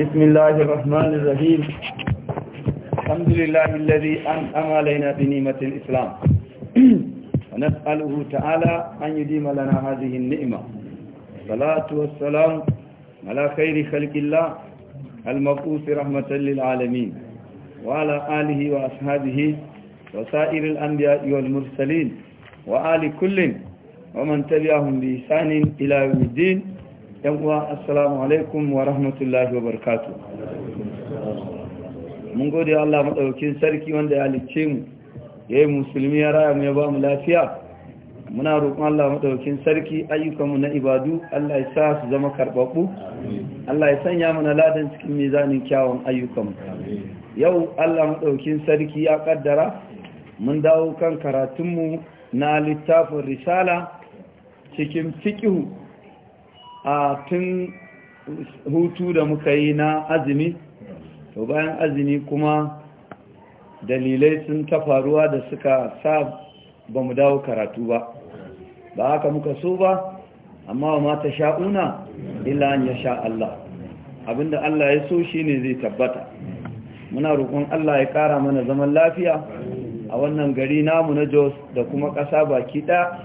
بسم الله الرحمن الرحيم الحمد لله الذي أنعم علينا بنعمة الإسلام ونسأله تعالى أن يديم لنا هذه النعمة صلاة والسلام على خير خلق الله المبعوث رحمة للعالمين وعلى آله وأصحابه وسائر الأنبياء والمرسلين وآل كل ومن تبعهم بإحسان إلى يوم الدين yan uwa assalamu alaikum wa rahmatullahi wa barkatu. mun gode Allah madaukakin sarki wanda ya halicce mu yayi musulmi ya raya mu ya ba mu lafiya muna roƙon Allah madaukakin sarki ayyukanmu na ibadu Allah ya sa su zama karɓaɓɓu Allah ya sanya mu na ladan cikin mizanin kyawun ayyukanmu yau Allah madaukakin sarki ya kaddara mun dawo kan karatunmu na littafin risala cikin fiqhu a tun hutu da muka yi na azumi to bayan azumi kuma dalilai sun ta faruwa da suka sa ba mu dawo karatu ba ba haka muka so ba amma wa mata sha'una illa an ya sha Allah abinda Allah ya so shi ne zai tabbata muna roƙon Allah ya ƙara mana zaman lafiya a wannan gari namu na Jos da kuma ƙasa baki ɗaya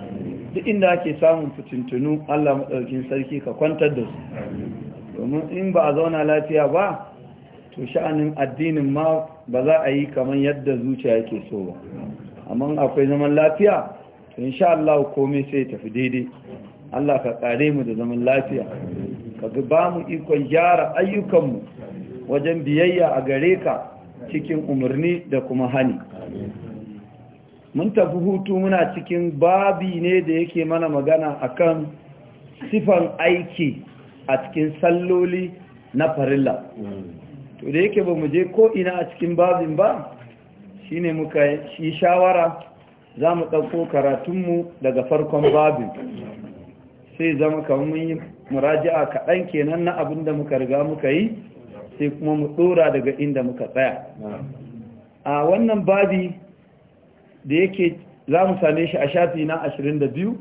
duk inda ake samun fitintunu Allah maɗaukin sarki ka kwantar da su domin in ba a zauna lafiya ba to sha'anin addinin ma ba za a yi kamar yadda zuciya yake so ba amma akwai zaman lafiya to insha Allah komai sai tafi daidai Allah ka kare mu da zaman lafiya ka ba mu ikon gyara ayyukanmu wajen biyayya a gare ka cikin umarni da kuma hani mun tafi hutu muna cikin babi ne da yake mana magana akan sifan aiki a cikin salloli na farilla hmm. to da yake ba mu je ko ina a cikin babin ba shine muka shi shawara za mu ɗauko karatunmu daga farkon babin sai zama kamar mun yi muraji'a kaɗan kenan na abin da muka riga muka yi sai kuma mu ɗora daga inda muka tsaya hmm. a wannan babi da yake za mu same shi a shafi na 22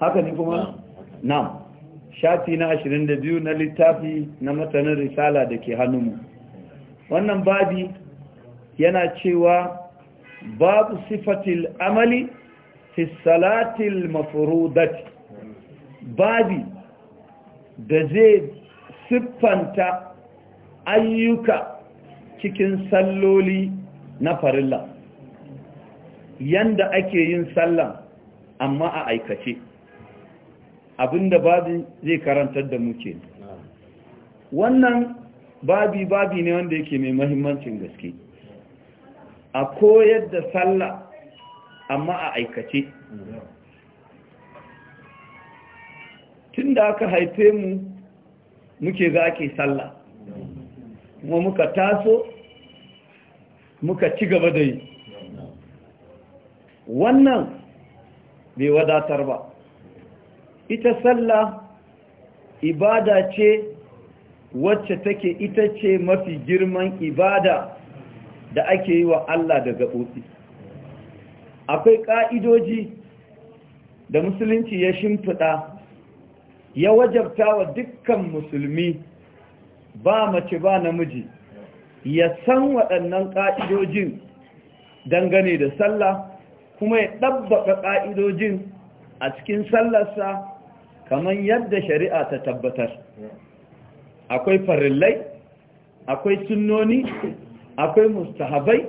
haka ne kuma na shafi na 22 na littafi na matanin risala da ke hannunmu wannan babi yana cewa babu sifatil amali fi salatil mafurudati babi da zai siffanta ayyuka cikin salloli na farilla yanda ake yin sallah amma a aikace abinda babi zai karantar da mu ke wannan babi babi ne wanda yake mai mahimmancin gaske a koyar da sallah amma a aikace tun da aka haife mu muke za ake sallah kuma muka taso muka ci gaba da yi wannan bai wadatar ba ita sallah ibada ce wacce take ita ce mafi girman ibada da ake yi wa Allah daga gaɓoɓi akwai ƙa'idoji da musulunci ya shimfiɗa ya wajabta wa dukkan musulmi ba mace ba namiji ya san waɗannan ƙa'idojin dangane da sallah kuma ya ɗabbaka ƙa'idojin a cikin sallarsa kamar yadda shari'a ta tabbatar akwai farillai akwai sunnoni akwai mustahabai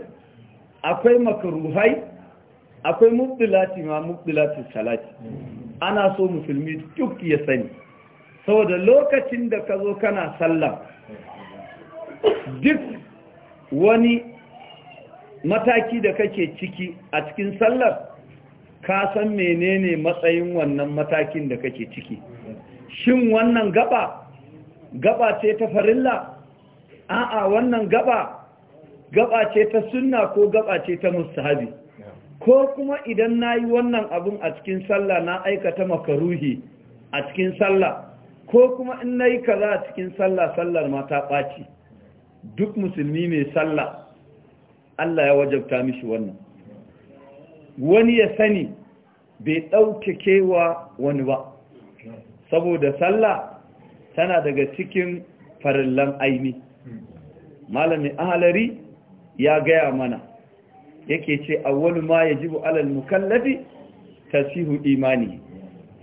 akwai makaruhai akwai mubdilati ma mubdilatin salati ana so musulmi duk ya sani saboda lokacin da ka zo kana sallah duk wani mataki da kake ciki a cikin sallar ka san menene matsayin wannan matakin da kake ciki shin wannan gaba gaba ce ta farilla a'a wannan gaba gaba ce ta sunna ko gaba ce ta mustahabi ko kuma idan nayi wannan abun a cikin sallah na aikata makaruhi a cikin sallah ko kuma in nayi kaza a cikin sallah sallar ma ta ɓaci duk musulmi mai sallah Allah ya wajabta mishi wannan wani ya sani bai ɗauke kewa wani ba saboda sallah tana daga cikin farillan aini malami ahalari ya gaya mana yake ce awwalu ma yajibu alal mukallafi tasihu imani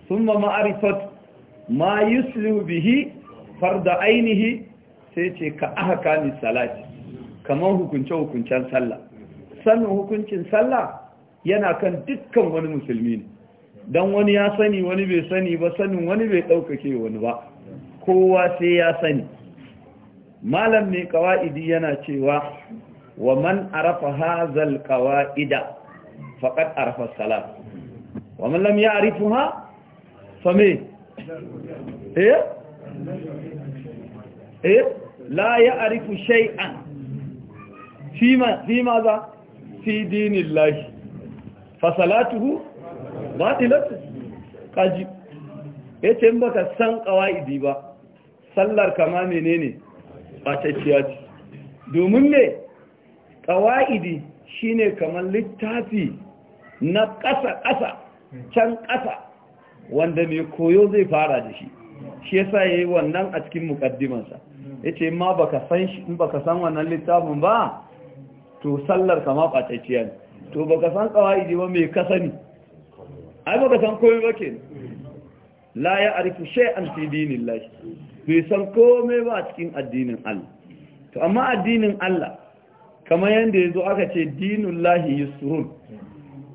thumma ma'rifat ma yuslu bihi farda ainihi sai ce ka ahkami salati kamar hukunce-hukuncen sallah sanin hukuncin sallah yana kan dukkan wani musulmi ne don wani ya sani wani bai sani ba sanin wani bai ɗaukake wani ba kowa sai ya sani malam mai kawa'idi yana cewa wa man arafa hazal kawa'ida faƙad arafa salat wa man lam ya arifu ha fame eh eh la ya arifu shay'an fi maza za fi dinin lahi fasalatuhu kaji ya ce ba ka san ƙawa'idi ba sallar kama menene ɓatacciya ce domin ne ƙawa'idi shine kamar littafi na ƙasa-ƙasa can ƙasa wanda mai koyo zai fara da shi shi yasa ya yi wannan a cikin mukaddimansa ya ce ma baka san wannan littafin ba to sallar kama kwatacciya ne to ba ka san kawai ba mai kasani ai ba ka san komai ba ke la ya arifu an fi dinillah bai san komai ba a cikin addinin Allah to amma addinin Allah kamar yanda yazo aka ce dinullahi yusrun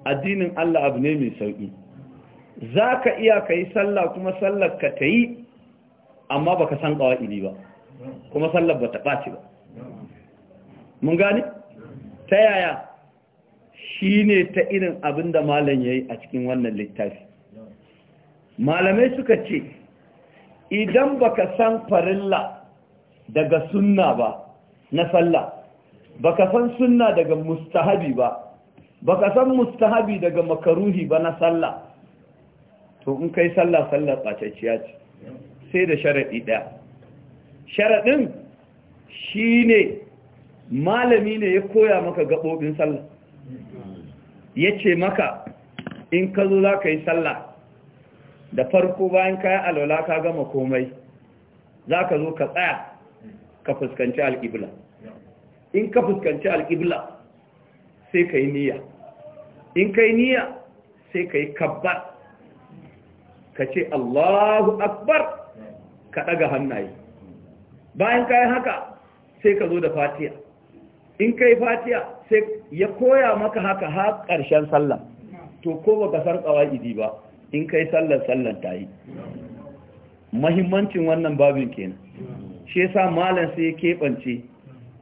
addinin Allah abu ne mai sauki zaka iya kai sallah kuma sallar ka tayi amma baka san kawai ba kuma sallar ta ɓaci ba mun gane ta yaya shi ne ta irin abin da malam ya yi a cikin wannan littafi malamai suka ce idan baka san farilla daga sunna ba na sallah baka san sunna daga mustahabi ba baka san mustahabi daga makaruhi ba na sallah to in kai sallah sallah tsacacciya ce sai da sharaɗi ɗaya sharaɗin shi ne malami ne ya koya maka gaɓoɓin sallah ya ce maka in ka zo za ka yi sallah da farko bayan kayan alwala ka gama komai za ka zo ka tsaya ka fuskanci alƙibla in ka fuskanci alƙibla sai ka yi niyya in ka yi niyya sai ka yi kabbar ka ce allahu akbar ka ɗaga hannaye bayan kayan haka sai ka zo da fatiya in kai fatiya sai ya koya maka haka ha ƙarshen sallah to ko ba ka san qawaidi ba in kai sallar sallar ta yi mahimmancin wannan babin kenan shi sa malam sai ya kebance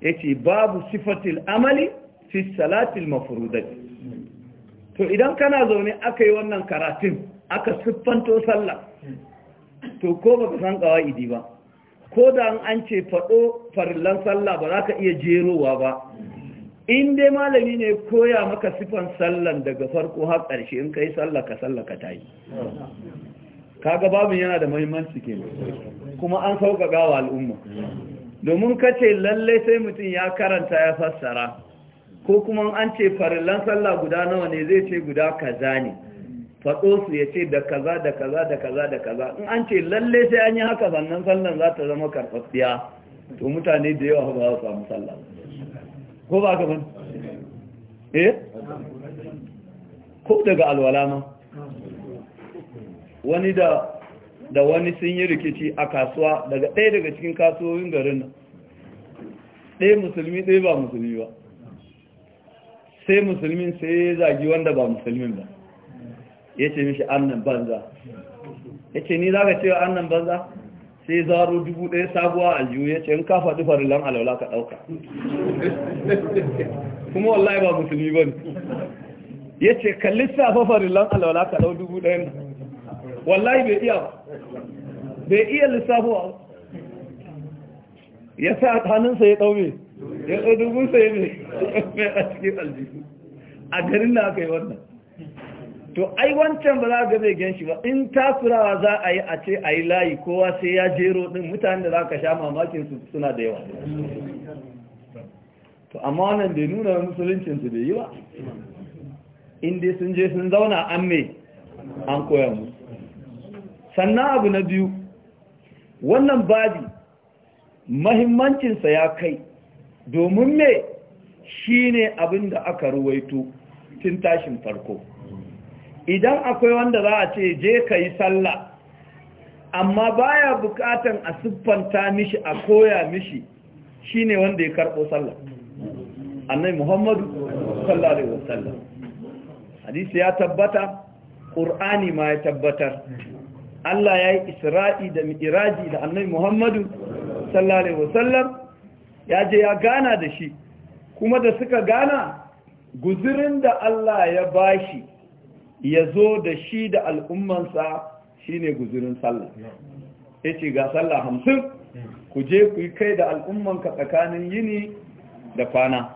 ce babu sifatil amali fi salatil mafurudai to idan kana zaune aka yi wannan karatun aka siffanto sallah to ko ba ka san qawaidi ba ko da an ce faɗo farillan sallah ba za ka iya jerowa ba in dai malami ne koya maka sifan sallan daga farko har ƙarshe in ka yi sallah ka sallah ka ta yi kaga babin yana da mahimmanci ke kuma an sauƙaƙa wa al'umma domin ka ce lalle sai mutum ya karanta ya fassara ko kuma an ce farillan sallah guda nawa ne zai ce guda kaza ne faɗo su ya ce da kaza da kaza da kaza da kaza in an ce lalle sai an yi haka sannan sallan za ta zama karfafiya to mutane da yawa ba za su samu sallah ko ba ka ban eh ko daga alwala ma wani da da wani sun yi rikici a kasuwa daga ɗaya daga cikin kasuwoyin garin nan ɗaya musulmi ɗaya ba musulmi ba sai musulmin sai zagi wanda ba musulmin ba ya ce mishi annan banza ya ce ni za ka cewa annan banza sai zaro dubu ɗaya sabuwa aljihu ya ce in ka faɗi farilan alaula ka ɗauka kuma wallahi ba musulmi ba ne ya ce ka lissafa farilan alaula ka ɗau dubu ɗaya na wallahi bai iya bai iya lissafa ya sa hannunsa ya ɗau ya ɗau dubu sai mai a cikin aljihu a garin na aka yi wannan to ai wancan ba za ga zai gan shi ba in takurawa za a yi a ce a yi layi kowa sai ya jero din mutane da za ka sha mamakin su suna da yawa to amma wannan bai nuna musuluncin su bai yi ba in dai sun je sun zauna an me an koya mu sannan abu na biyu wannan babi mahimmancinsa ya kai domin me shine abin da aka ruwaito tun tashin farko idan akwai wanda za a ce je ka yi sallah amma baya bukatan a siffanta mishi a koya mishi shine wanda ya karɓo sallah annai muhammadu sallallahu alaihi sallah. hadisi ya tabbata ƙur'ani ma ya tabbatar Allah ya yi isra'i da mi'raji da annai muhammadu sallallahu alaihi wasallam ya je ya gana da shi kuma da suka gana guzurin da Allah ya bashi ya zo da shi da al'ummansa shi ne guzurin sallah ya ce ga sallah hamsin ku je ku yi kai da al'ummanka tsakanin yini da kwana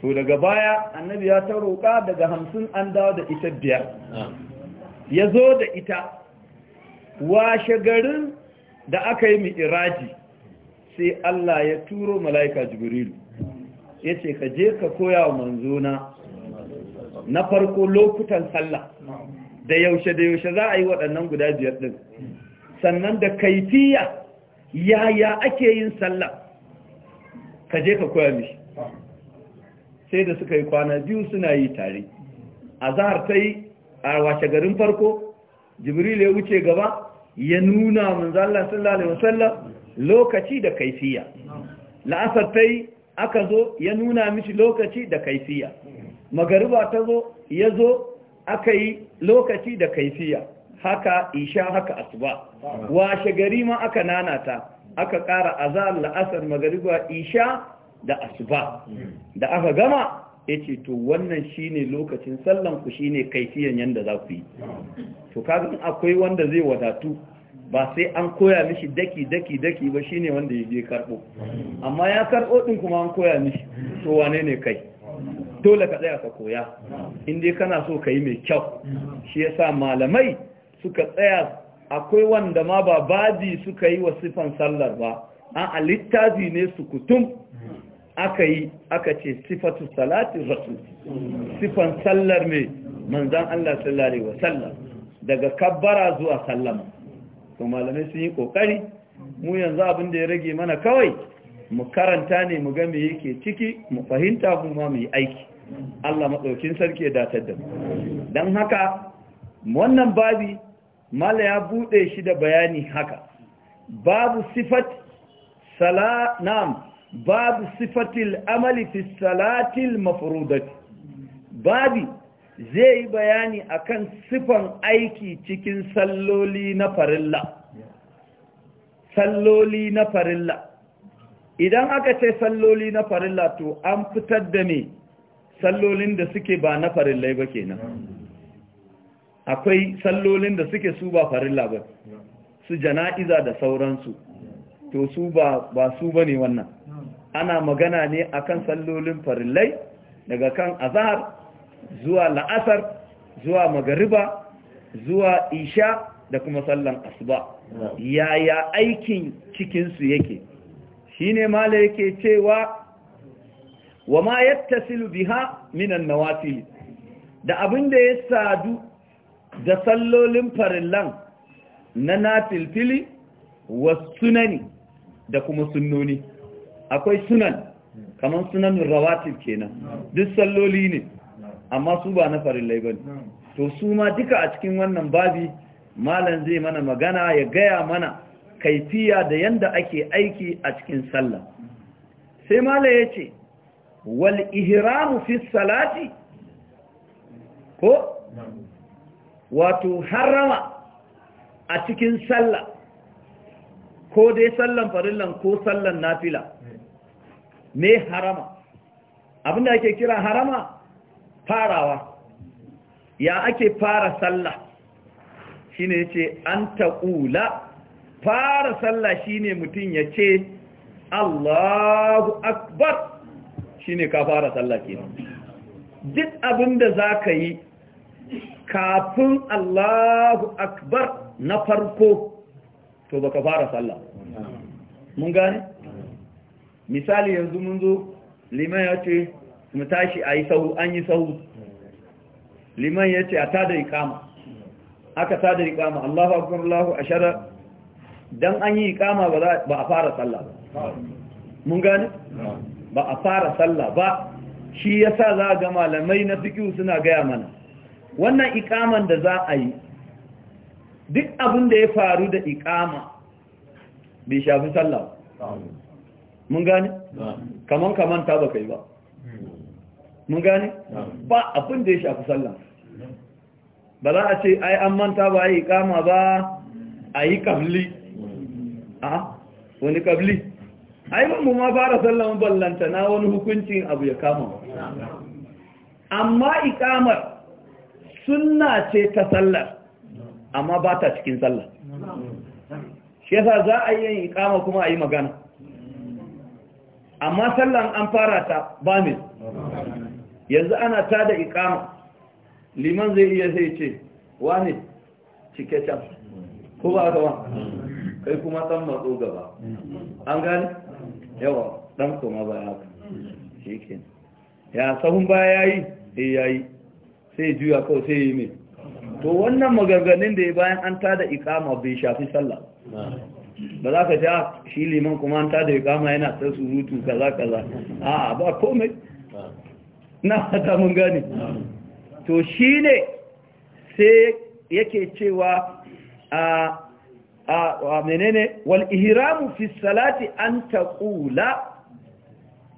to daga baya annabi ya ta roƙa daga hamsin an dawo da ita biyar ya zo da ita washe garin da aka yi mi'iraji sai Allah ya turo mala'ika jibrilu ya ce ka je ka koya wa manzona na farko lokutan sallah da yaushe da yaushe za a yi waɗannan guda biyar ɗin sannan da kaifiya yaya ake yin sallah ka je ka koya mishi sai da suka yi kwana biyu suna yi tare a zahar ta yi a washe garin farko jibril ya wuce gaba ya nuna manzallah sallallahu alaihi sallah lokaci da kaifiya la'asar ta yi aka zo ya nuna mishi lokaci da kaifiya magariba ta zo ya zo aka yi lokaci da kaifiya haka isha haka asuba washe gari ma aka nanata aka ƙara azal la'asar magariba isha da asuba da aka gama ya ce to wannan shine lokacin sallan ku ne kaifiyan yadda za ku yi to kaga akwai wanda zai wadatu ba sai an koya mishi daki daki daki ba shine wanda ya je karɓo amma ya karbo ɗin kuma an koya mishi to wane ne kai dole ka tsaya ka koya inda kana so ka yi mai kyau shi yasa malamai suka tsaya akwai wanda ma ba baji suka yi wa sifan sallar ba An alittazi ne su kutum aka yi aka ce sifatu salatu rasu, sifan sallar mai manzan Allah sallare wa sallar. daga kabbara zuwa sallama to malamai sun yi kokari mu yanzu abin da ya rage mana kawai mu karanta ne mu ga me yake ciki mu fahimta kuma mu yi aiki Allah maɗaukin sarki ya datar da mu don haka wannan babi mala ya buɗe shi da bayani haka babu sifat salam babu sifatil amali fi salatil mafrudati babi zai yi bayani akan sifan aiki cikin salloli na farilla salloli na farilla idan aka ce salloli na farilla to an fitar da ne sallolin da suke ba na farillai ba kenan akwai sallolin da suke su ba farilla ba su jana'iza da sauransu to su ba ba ne wannan ana magana ne akan sallolin farillai daga kan azhar zuwa la'asar zuwa magariba zuwa isha da kuma sallan asuba yaya aikin cikinsu yake Shi ne mala yake cewa wa ma yattasilu biha minan nawafil da abin da ya sadu da sallolin farillan na nafilfili wa sunani da kuma sunnoni akwai sunan kamar sunanin rawatil kenan duk salloli ne amma su ba na farillai bane to su ma duka a cikin wannan babi malam zai mana magana ya gaya mana kaifiya da yanda ake aiki a cikin sallah sai malam ya ce wal ihramu fi salati ko wato harama a cikin sallah ko dai sallan farillan ko sallan nafila me harama abinda ake kira harama farawa ya ake fara sallah shine ce an taƙula fara sallah shine mutun yace Allahu akbar shi ne ka fara sallah kenan duk abin da zaka yi kafin Allahu akbar na farko to baka fara sallah mun gane misali yanzu mun zo liman ya ce mu tashi a yi sahu an yi sahu liman ya ce a tada ikama aka tada ikama Allahu akbar Allahu ashara dan an yi ikama ba a fara sallah ba mun gane ba a fara sallah ba shi yasa za a ga malamai na fiƙi suna gaya mana wannan ikaman da za a yi duk abin da ya faru da ikama bai shafi sallah mun gane kaman kaman ta baka yi ba mun gane ba abin da ya shafi sallah ba za a ce ai an manta ba yi ikama ba a yi kabli a wani kabli ai mu ma fara sallan ballanta na wani hukuncin abu ya kama amma ikamar sunna ce ta sallar amma ba ta cikin sallar shi yasa za a yi ikama kuma a yi magana amma sallan an fara ta ba mai yanzu ana ta da ikama liman zai iya zai ce wani cike can ko ba ka ba kai kuma san matso gaba an gani yawa dan kuma ba ya shi ke ya sahun ba eh, ya yi sai ya yi sai juya kawai sai yi mai to wannan maganganun da ya bayan an tada ikama bai shafi sallah ba za ka ja ah, shi liman kuma an tada ikama yana ta surutu kaza kaza a ba komai na hata mun gani to shi ne sai yake cewa a ah, a menene wal ihramu fi salati an taqula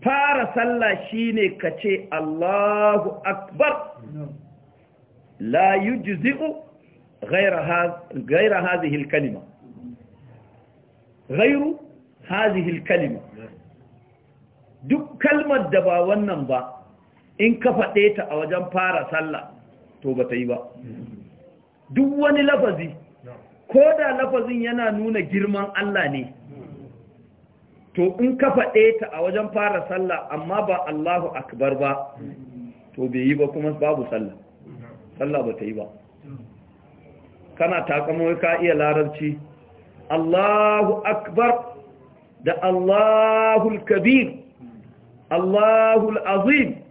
fara sallah shine kace Allahu akbar la yujzi'u ghayra hadhihi ghayra hadhihi al kalima ghayru hadhihi al kalima duk kalmar da ba wannan ba in ka faɗe ta a wajen fara sallah to ba ta yi ba duk wani lafazi ko da lafazin yana nuna girman Allah ne to in ka faɗe ta a wajen fara sallah amma ba Allahu akbar ba to bai yi ba kuma babu sallah sallah ba ta yi ba kana takamo ka iya larabci Allahu akbar da Allahu kabir Allahu azim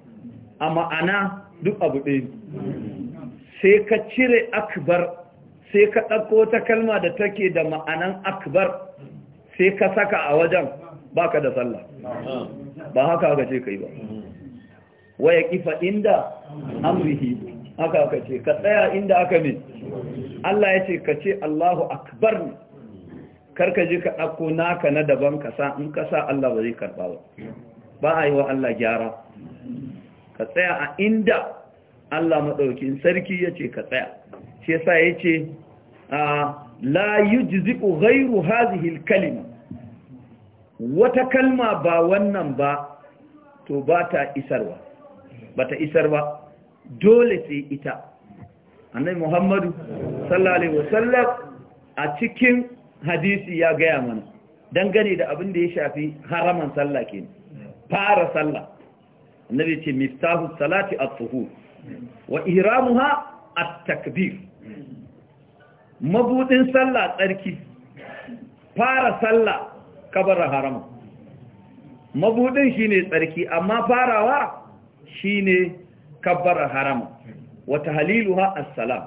a ma'ana duk abu ɗaya sai ka cire akbar sai ka ɗauko ta kalma da take da ma'anan akbar sai ka saka a wajen baka da sallah ba haka aka ce kai ba waya kifa inda amrihi haka aka ce ka tsaya inda aka min Allah ya ce ka ce Allahu akbar ne karka je ka ɗauko naka na daban kasa in kasa Allah ba zai karɓa ba ba a yi wa Allah gyara ka tsaya a inda Allah maɗaukin sarki ya ce ka tsaya shi yasa yace la yujziku ghayru hadhihi al-kalima wata kalma ba wannan ba to ba ta isarwa ba ta isar ba dole sai ita annabi muhammadu sallallahu alaihi wasallam a cikin hadisi ya gaya mana dangane da abin da ya shafi haraman sallah ke fara sallah annabi ce miftahu salati at-tuhur wa ihramuha at-takbir mabudin sallah tsarki fara sallah kabar harama mabudin shine tsarki amma farawa shine kabar harama wa tahliluha assalam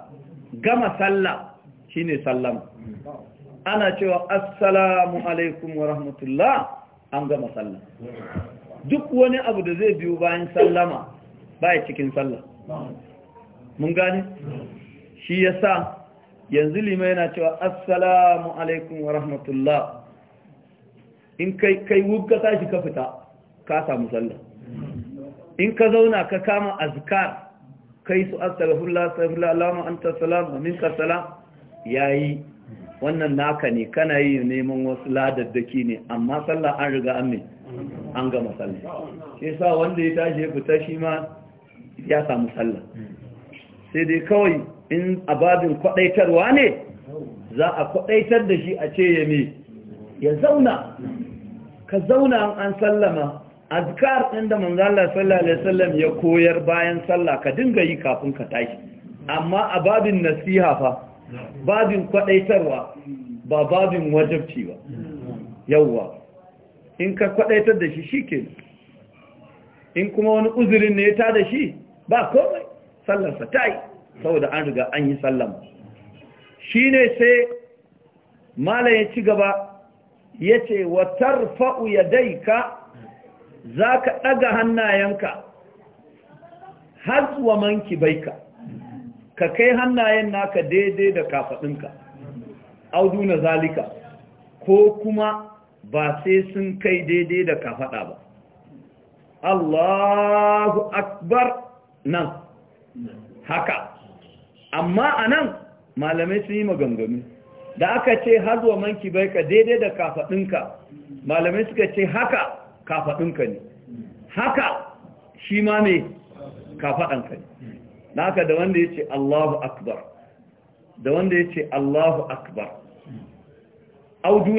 gama sallah shine sallama ana cewa assalamu alaikum wa rahmatullah an gama sallah duk wani abu da zai biyo bayan sallama baya cikin sallah mun gane shi yasa yanzu lima yana cewa assalamu alaikum wa rahmatullah in kai kai wubka tashi ka fita ka samu sallah in ka zauna ka kama azkar kai su astaghfirullah astaghfirullah allahumma anta salam wa minka salam yayi wannan naka ne kana yi neman wasu ladaddaki ne amma sallah an riga an me an gama sallah shi sa wanda ya tashi ya fita shi ma ya samu sallah sai dai kawai in ababin kwadaitarwa ne za a kwadaitar da shi a ce ya ne ya zauna ka zauna an sallama azkar ɗin da manzala sallallahu alaihi wasallam ya koyar bayan sallah ka dinga yi kafin ka tashi amma a babin nasiha fa babin kwadaitarwa ba babin wajabci ba yawwa in ka kwadaitar da shi shikenan in kuma wani uzurin ne ya tada shi ba komai sallarsa ta yi saboda an riga an yi sallama ne sai malam ya ci gaba ya ce wa tarfa'u za ka ɗaga hannayenka hatsuwa manki baika ka kai hannayen naka daidai da kafaɗinka audu na zalika ko kuma ba sai sun kai daidai da kafaɗa ba Allahu akbar nan haka amma a nan malamai sun yi maganganu da aka ce hazuwa manki bai ka daidai da kafaɗinka malamai suka ce haka kafaɗinka ne haka shi ma ne kafaɗinka ne na aka da wanda ya ce allahu akbar da wanda ya ce allahu akbar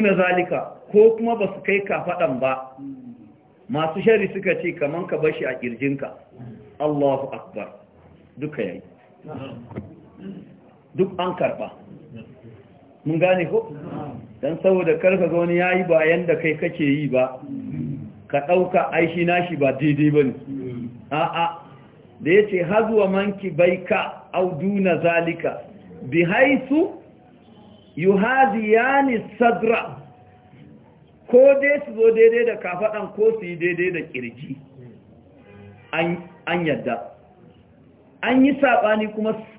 na zalika ko kuma ba su kai kafaɗan ba masu shari suka ce kamar ka bashi a ƙirjinka allahu akbar duka yayi duk an karba mun gane ko dan saboda karka ga wani yi ba yanda kai kake yi ba ka ɗauka aishi nashi ba daidai ba ne. A'a. da yace hazuwa manki ka Audu na zalika bi haisu yani sadra ko dai su zo daidai da kafaɗan ko su yi daidai da ƙirji an yadda an yi saɓani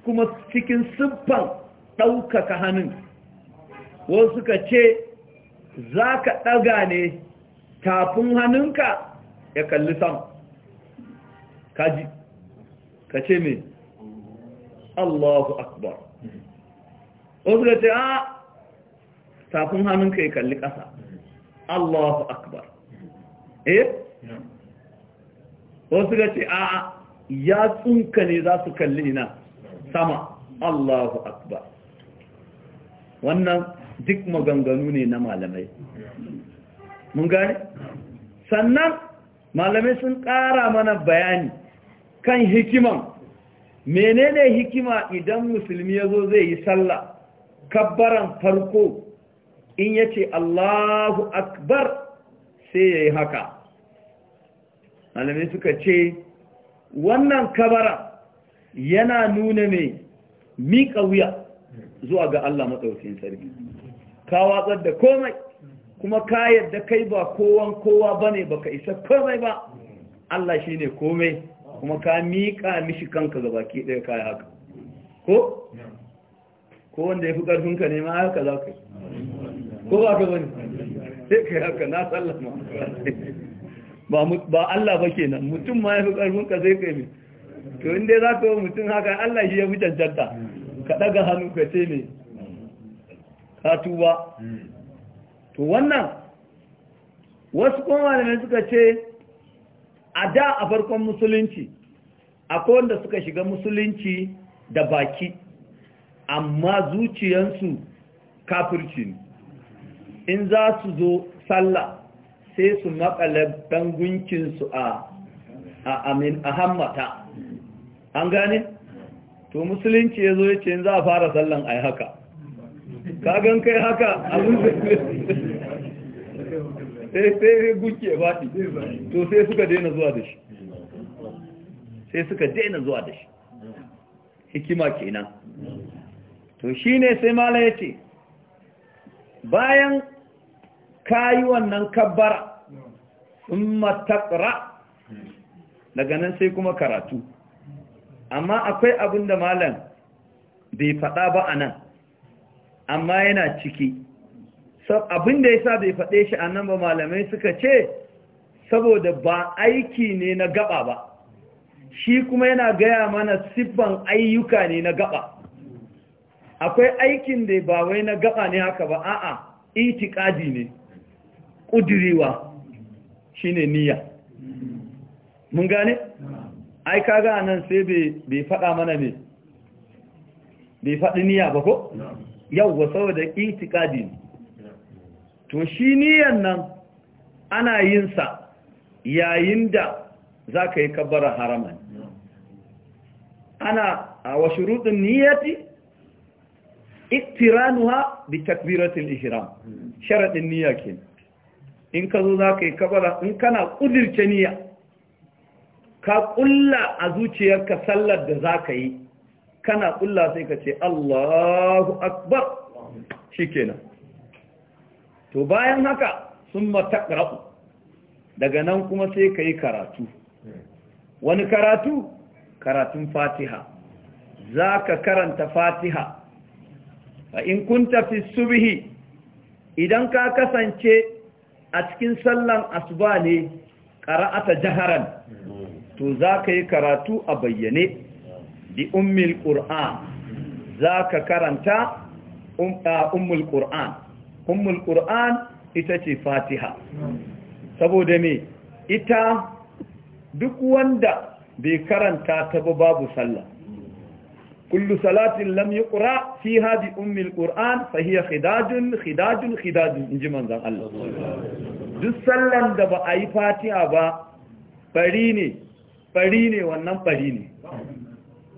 kuma cikin siffan ɗaukaka hannun wasu suka ce za ka ɗaga ne tafin hannunka ya kalli sam kaji ka ce mai allahu akbar wasu ka ce a ah, tafin hannunka ya kalli ƙasa allahu akbar eh wasu ka ce a ya tsunka ne za su kalli ina sama Allahu akbar wannan duk maganganu ne na malamai mun gane sannan malamai sun ƙara mana bayani kan hikiman menene hikima idan musulmi yazo zai yi sallah kabbaran farko in yace Allahu akbar sai yayi haka malamai suka ce wannan kabara yana nuna mai miƙa wuya zuwa ga Allah matsaukin sarki ka watsar da komai kuma ka yadda kai ba kowan kowa bane baka isa komai ba Allah shine komai kuma ka miƙa mishi kanka ga baki ɗaya kai haka ko ko wanda yafi ƙarfin ka ne za haka yi. ko ba ka bane sai kai haka na sallama ba Allah ba kenan mutum ma ya fi ka zai kai to inda za ka yi mutum haka Allah shi ya fi cancanta ka ɗaga hannu ka ce ne ka tuba to wannan wasu kuma malamai suka ce a da a farkon musulunci akwai wanda suka shiga musulunci da baki amma zuciyansu kafirci ne in za su zo sallah sai su makala banguncinsu a amin a hammata an gane to musulunci ya zo ya ce za a fara sallan a haka kagan kai haka abin sai sai gunke faɗi to sai suka daina zuwa da shi sai suka daina zuwa da shi hikima kenan to shine sai mala ya ce bayan ka yi wannan kabbara in matakra daga nan sai kuma karatu amma akwai abin da malam bai faɗa ba a nan amma yana ciki abin da ya sa bai faɗe shi a nan ba malamai suka ce saboda ba aiki ne na gaba ba shi kuma yana gaya mana siffan ayyuka ne na gaba akwai aikin da ba wai na gaba ne haka ba a'a itikadi ne Ƙudiriwa shi ne niyya mun gane? ai kaga nan sai bai faɗa mana ne bai faɗi niyya ba ko? Yau wa saboda itikadi to shi niyyan nan ana yin sa yayin da za ka yi kabbara haraman ana a wa shuruɗin niyyati iktiranuwa bi takbiratul ihram Sharaɗin niyya kenan in ka zo za ka yi kabara in kana ƙudirce niyya ka ƙulla a zuciyarka sallar da za ka yi kana ƙulla sai ka ce allahu akbar shi kenan to bayan haka sun mataƙa'u daga nan kuma sai ka yi karatu wani karatu karatun fatiha za ka karanta fatiha a in kunta fi subihi idan ka kasance a cikin sallan asuba ne ƙara'ata jaharan to za ka yi karatu a bayyane bi ƙur'an za ka karanta um, ummul ƙur'an ummul ƙur'an ita ce fatiha saboda me ita duk wanda bai karanta ta ba babu sallah kullu salatin lam yuqra fiha bi ummi alquran fa hiya khidajun khidajun khidajun inji manzon Allah duk sallan da ba a yi fatiha ba fari ne fari ne wannan fari ne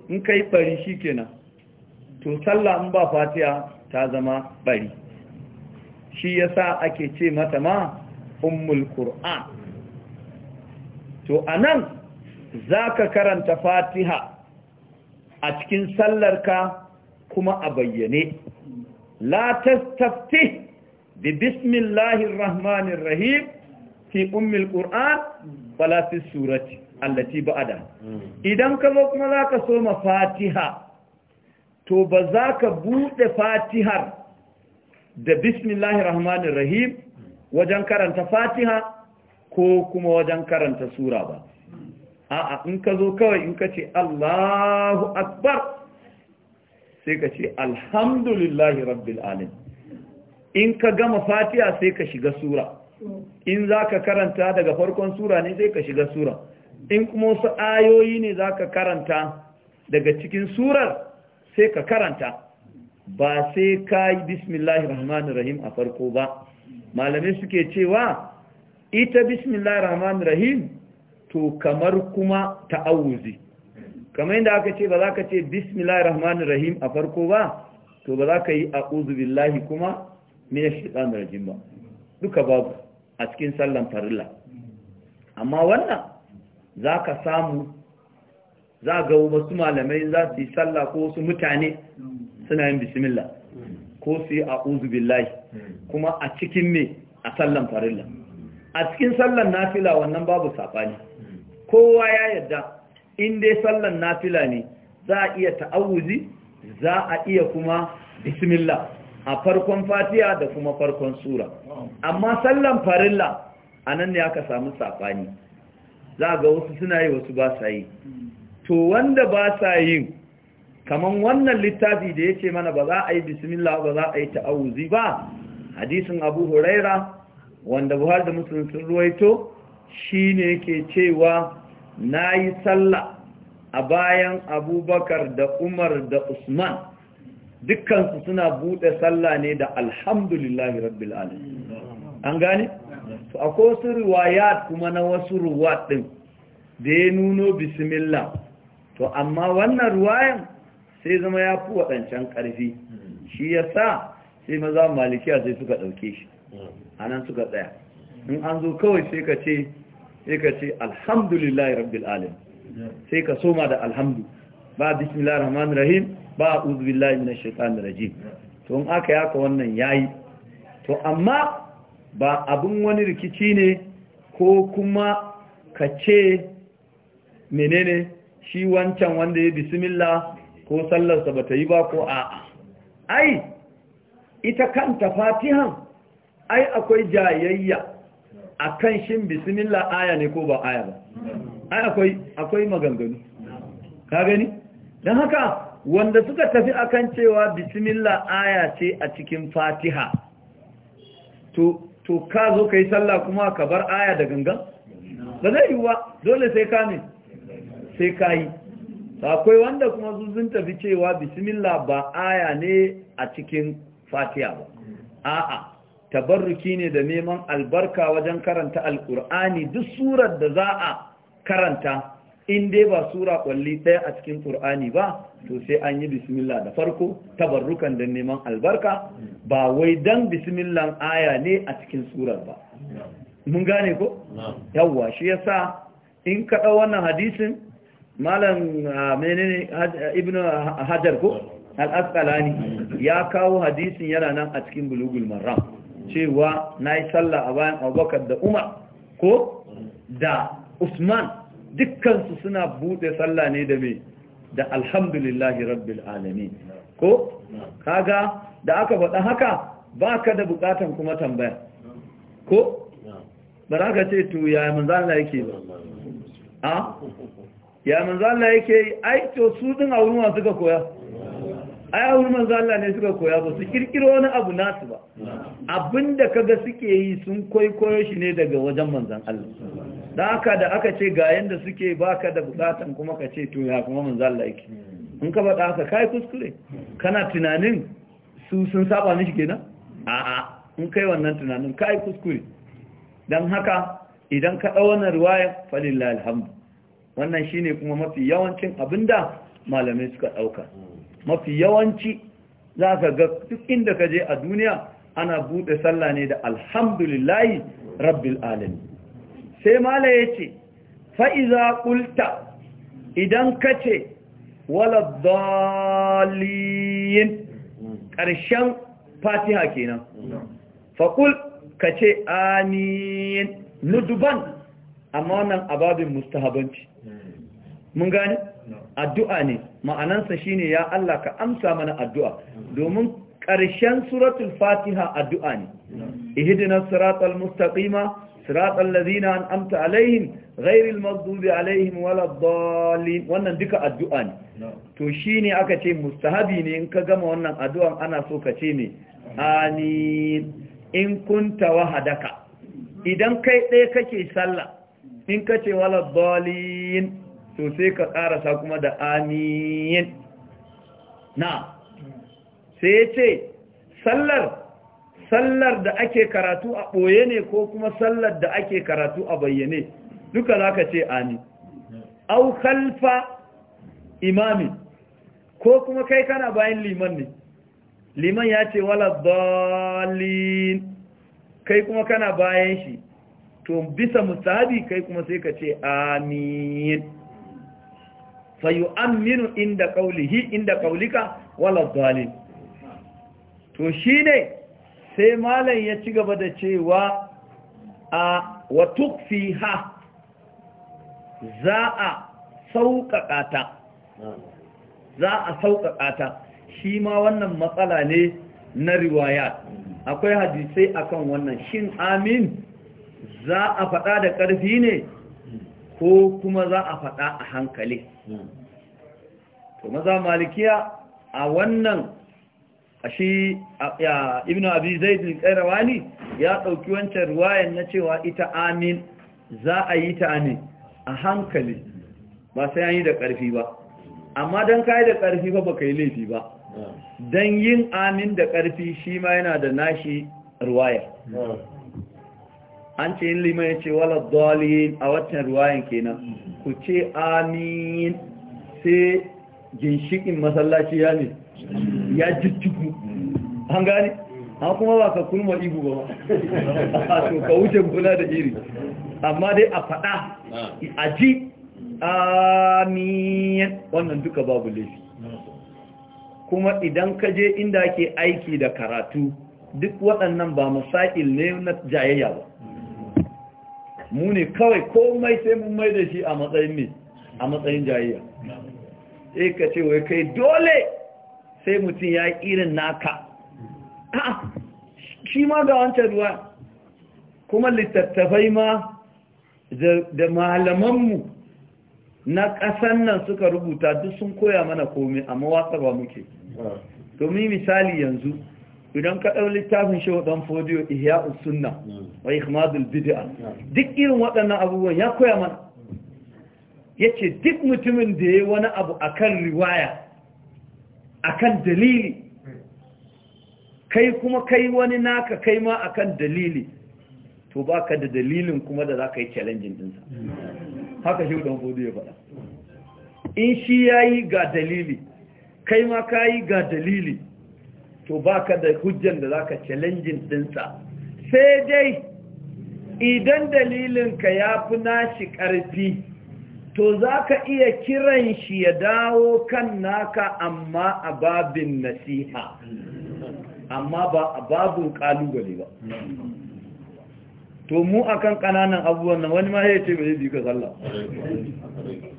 in bari fari shikenan to sallah in ba fatiha ta zama bari. shi yasa ake ce mata ma ummul qur'an to anan zaka karanta fatiha a cikin sallarka kuma a bayyane la tastafti bi bismillahir rahmanir rahim fi ummil qur'an wala fi surati allati ba'da idan ka zo kuma zaka so fatiha to ba za ka bude fatihar da bismillahir rahmanir rahim wajen karanta fatiha ko kuma wajen karanta sura ba a'a in ka zo kawai in ka ce Allahu akbar sai ka ce alhamdulillahi rabbil alim in ka gama Fatiya sai ka shiga sura in za ka karanta daga farkon sura ne sai ka shiga sura in kuma wasu ayoyi ne za ka karanta daga cikin surar sai ka karanta ba sai ka yi bismillahi rahmanu rahim a farko ba malamai suke cewa ita bismillahi rahmanu rahim to kamar kuma ta'awuzi kamar yadda aka ce ba za ka ce bismillahirrahmanirrahim rahim a farko ba to ba za ka yi a'udhu billahi kuma ash-shaytanir rajim ba duka babu a cikin sallan farilla amma wannan za ka samu za ga wasu malamai za su yi sallah ko su mutane suna yin bismillah ko su yi a'udhu billahi kuma a cikin me a sallan farilla a cikin sallan nafila wannan babu safani kowa ya yarda in dai sallan nafila ne za a iya ta'awuzi za a iya kuma bismillah a farkon fatiya, da kuma farkon sura amma sallan farilla a nan ne aka samu safani za ga wasu suna yi wasu ba sa yi to wanda ba sa yi kaman wannan littafi da ya ce mana ba za a yi bismillah ba za a yi ta'awuzi ba hadisin abu huraira wanda buhar da musulun sun ruwaito shi ne ke cewa na yi sallah a bayan abubakar da umar da usman dukkansu suna bude sallah ne da alhamdulillahi rabbil alamin an gane? to akwai wasu riwayat kuma na wasu ruwaɗin ɗin da ya nuno bismillah to amma wannan ruwayan sai zama ya fi waɗancan ƙarfi shi ya sa sai maza malikiya sai suka ɗauke shi anan suka tsaya in an zo kawai sai ka ce sai ka ce alhamdulillahi rabbil alamin sai ka soma da alhamdu ba bismillahir rahmanir rahim ba a'udhu billahi minash shaitanir rajim to in aka yaka wannan yayi to amma ba abun wani rikici ne ko kuma ka ce menene shi wancan wanda ya bismillah ko sallarsa bata yi ba ko a'a ai ita kanta fatihan ai akwai jayayya a kan shin bisimila aya ne ko ba aya ba ai akwai akwai maganganu ka gani don haka wanda suka tafi akan cewa bisimila aya ce a cikin fatiha to ka zo ka yi sallah kuma ka bar aya da gangan ba zai yi ba dole sai ka ne sai ka yi akwai wanda kuma sun tafi cewa bisimila ba aya ne a cikin fatiha ba a'a tabarruki ne da neman albarka wajen karanta alkur'ani duk surar da za a karanta in dai ba sura kwalli ɗaya a cikin ƙur'ani ba to sai an yi bismillah da farko tabarrukan da neman albarka ba wai dan bismillah aya ne a cikin surar ba mun gane ko yawwa shi yasa in ka wannan hadisin malam ah, menene ibnu hajar ko al ya kawo hadisin yana nan a cikin bulugul maram cewa na yi sallah a bayan abubakar da umar ko da usman dukkansu suna bude sallah ne da mai da alhamdulillahi rabbil alami ko kaga da aka faɗa haka ba ka da bukatan kuma tambaya ko ba za ka ce to ya manzana yake ba a ah? ya manzana yake yi to su ɗin a wurin suka koya ai abin manzo Allah ne suka koya ba su kirkiro wani abu nasu ba abinda kaga suke yi sun kwaikwayo shi ne daga wajen manzon Allah dan haka da aka ce ga yanda suke baka da bukatan kuma ka ce to ya kuma manzo Allah yake in ka bada haka kai kuskure kana tunanin su sun saba mishi kenan a'a in kai wannan tunanin kai kuskure dan haka idan ka ɗau wannan riwaya falillahi alhamdu wannan shine kuma mafi yawancin abinda malamai suka ɗauka mafi yawanci za ka ga duk inda ka je a duniya ana buɗe sallah ne da alhamdulillahi rabbil alamin sai mala ya ce fa'iza ƙulta idan ka ce wala daliyin ƙarshen fatiha kenan faƙul ka ce amin nuduban amma wannan ababin mustahabanci mun gane addu'a ne ma'anansa shine ya Allah ka amsa mana addu'a domin ƙarshen suratul fatiha addu'a ne ihdinas siratal mustaqima siratal ladzina an'amta alaihim ghairil maghdubi alaihim waladdallin wannan duka addu'a ne to ne aka ce mustahabi ne in ka gama wannan addu'an ana so ka ce ne amin in kunta wahadaka idan kai ɗaya kake sallah in kace waladdallin to sai ka ƙarasa kuma da amin na sai ce sallar sallar da ake karatu a ɓoye ne ko kuma sallar da ake karatu a bayyane duka za ka ce amin au kalfa imamin ko kuma kai kana bayan liman ne liman ya ce wala dalin kai kuma kana bayan shi to bisa musabi kai kuma sai ka ce amin fayu'amminu inda qaulihi inda kaulika wala zalim to shine sai malam ya ci gaba da cewa a wa tukfiha za a sauƙaƙa ta shi ma wannan matsala ne na riwaya akwai hadisai akan wannan shin amin za a faɗa da ƙarfi ne ko kuma za a faɗa a hankali to maza malikiya a wannan shi ibn abi zaid al-qayrawani ya dauki wancan riwayar na cewa ita amin za a yi ta amin a hankali ba sai an yi da karfi ba amma dan kai da karfi ba baka yi laifi ba dan yin amin da ƙarfi shi ma yana da nashi riwaya an ce yin liman ya ce wala dalil a watan ruwayan kenan ku ce amin sai ginshikin masallaci ya ne ya jijjiku an gani an kuma ba ka kulma ibu ba a so ka wuce kula da iri amma dai a faɗa a ji amin wannan duka babu laifi kuma idan ka je inda ke aiki da karatu duk waɗannan ba masa'il ne na jayayya ba mu ne kawai komai sai mun mai da shi a matsayin ne a matsayin jayayya sai eh, ka ce wai kai dole sai mutum ya irin naka shi ma ga wancan ruwa kuma littattafai ma da malamanmu na ƙasan nan suka rubuta duk sun koya mana komai amma watsarwa muke domin misali yanzu idan ka ɗau littafin shi waɗan fodiyo ihya sunna wa ikhmadul bid'a duk irin waɗannan abubuwan ya koya mana yace duk mutumin da yayi wani abu akan riwaya akan dalili kai kuma kai wani naka kai ma akan dalili to baka da dalilin kuma da zaka yi challenge din haka shi waɗan fodiyo in shi yayi ga dalili kai ma kayi ga dalili to baka da hujjan da zaka challenging dinsa sai dai idan dalilinka ya fi nashi ƙarfi to za ka iya kiran shi ya dawo kan naka amma a babin nasiha amma ba a babin ƙalubale ba to mu akan ƙananan abubuwan nan wani ma ya ce bai yi bi ka sallah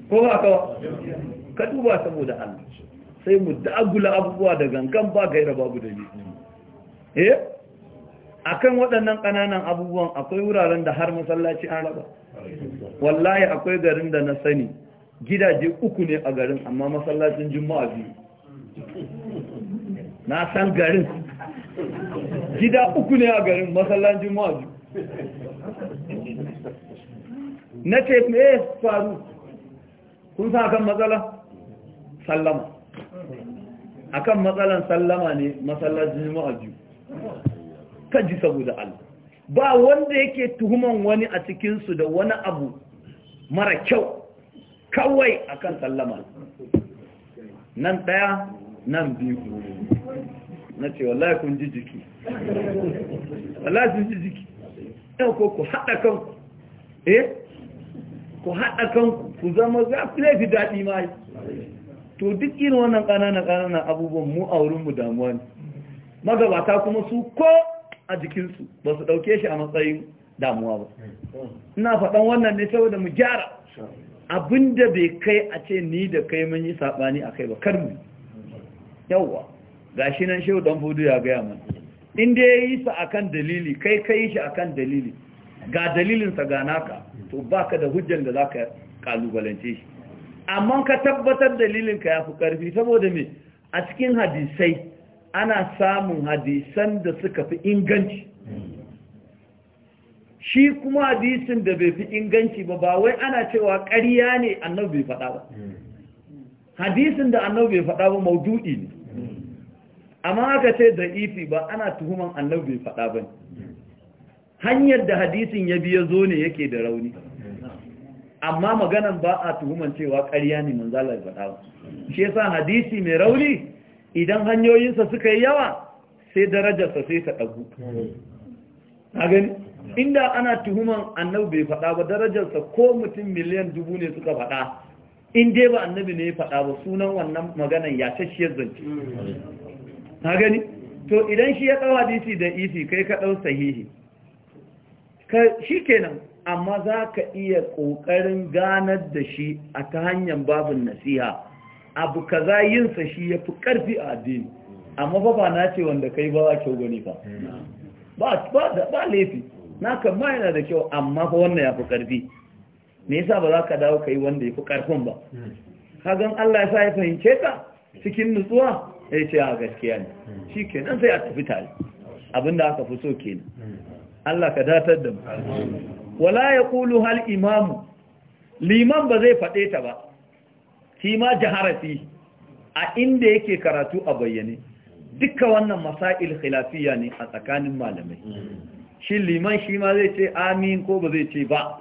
ko ba ka ka duba saboda Allah sai mu dagula abubuwa da gangan ba gaira babu da eh akan waɗannan ƙananan abubuwan akwai wuraren da har masallaci an raba wallahi akwai garin da na sani gidaje uku ne a garin amma masallacin juma'a biyu na san garin gida uku ne a garin masallacin juma'a biyu na ce me faru kun sa kan matsala sallama akan matsalan sallama ne masallacin juma'a biyu kan ji saboda Allah ba wanda yake tuhuman wani a cikinsu da wani abu mara kyau kawai akan sallama nan ɗaya nan biyu na ce wallahi kun ji jiki wallahi kun ji jiki yau ko ku haɗa kanku eh ku haɗa kanku ku zama za ku yi daɗi ma yi to duk irin wannan ƙananan ƙananan abubuwan mu a wurinmu damuwa ne magabata kuma su ko a jikinsu ba su ɗauke shi a matsayin damuwa ba ina faɗan wannan ne saboda mu gyara abinda bai kai a ce ni da kai mun yi saɓani a kai ba kar mu yawwa gashi nan shehu dan fudu ya gaya mana in dai yayi sa akan dalili kai kai shi akan dalili ga dalilinsa sa ga naka to baka da hujjan da zaka kalubalance shi amma ka tabbatar dalilinka ya fi ƙarfi saboda me a cikin hadisai ana samun hadisan da suka fi inganci shi kuma hadisin da bai fi inganci ba ba wai ana cewa ƙarya ne annabi bai faɗa ba hadisin da annabi bai faɗa ba maudu'i ne amma aka ce da ifi ba ana tuhuman annabi bai faɗa ba hanyar da hadisin ya biya zo ne yake da rauni amma maganan ba a tuhuman cewa ƙarya ne manzala ya faɗa shi yasa hadisi mai rauni idan hanyoyinsa suka yi yawa sai darajarsa sai ta ɗagu a gani inda ana tuhuman annabi bai faɗa ba darajarsa ko mutum miliyan dubu ne suka faɗa in dai ba annabi ne ya faɗa ba sunan wannan maganan ya tashiyar zance a gani to idan shi ya ɗau hadisi da isi kai ka ɗau sahihi shi kenan amma za ka iya ƙoƙarin ganar da shi a ta hanyar babin nasiha abu ka za yinsa shi ya fi ƙarfi a addini amma ba ba na ce wanda kai ba kyau gani ba ba laifi na kan ma yana da kyau amma fa wannan ya fi ƙarfi me yasa ba za ka dawo ka yi wanda ya fi ƙarfin ba ka gan Allah ya sa ya fahimce ka cikin nutsuwa ya ce a gaskiya ne shi kenan sai a tafi tare abinda aka fi so kenan Allah ka datar da mu wala ya kulu hal imamu liman ba zai faɗe ta ba shi ma jaharafi a inda yake karatu a bayyane duka wannan masail khilafiya ne a tsakanin malamai shi liman shi ma zai ce amin ko ba zai ce ba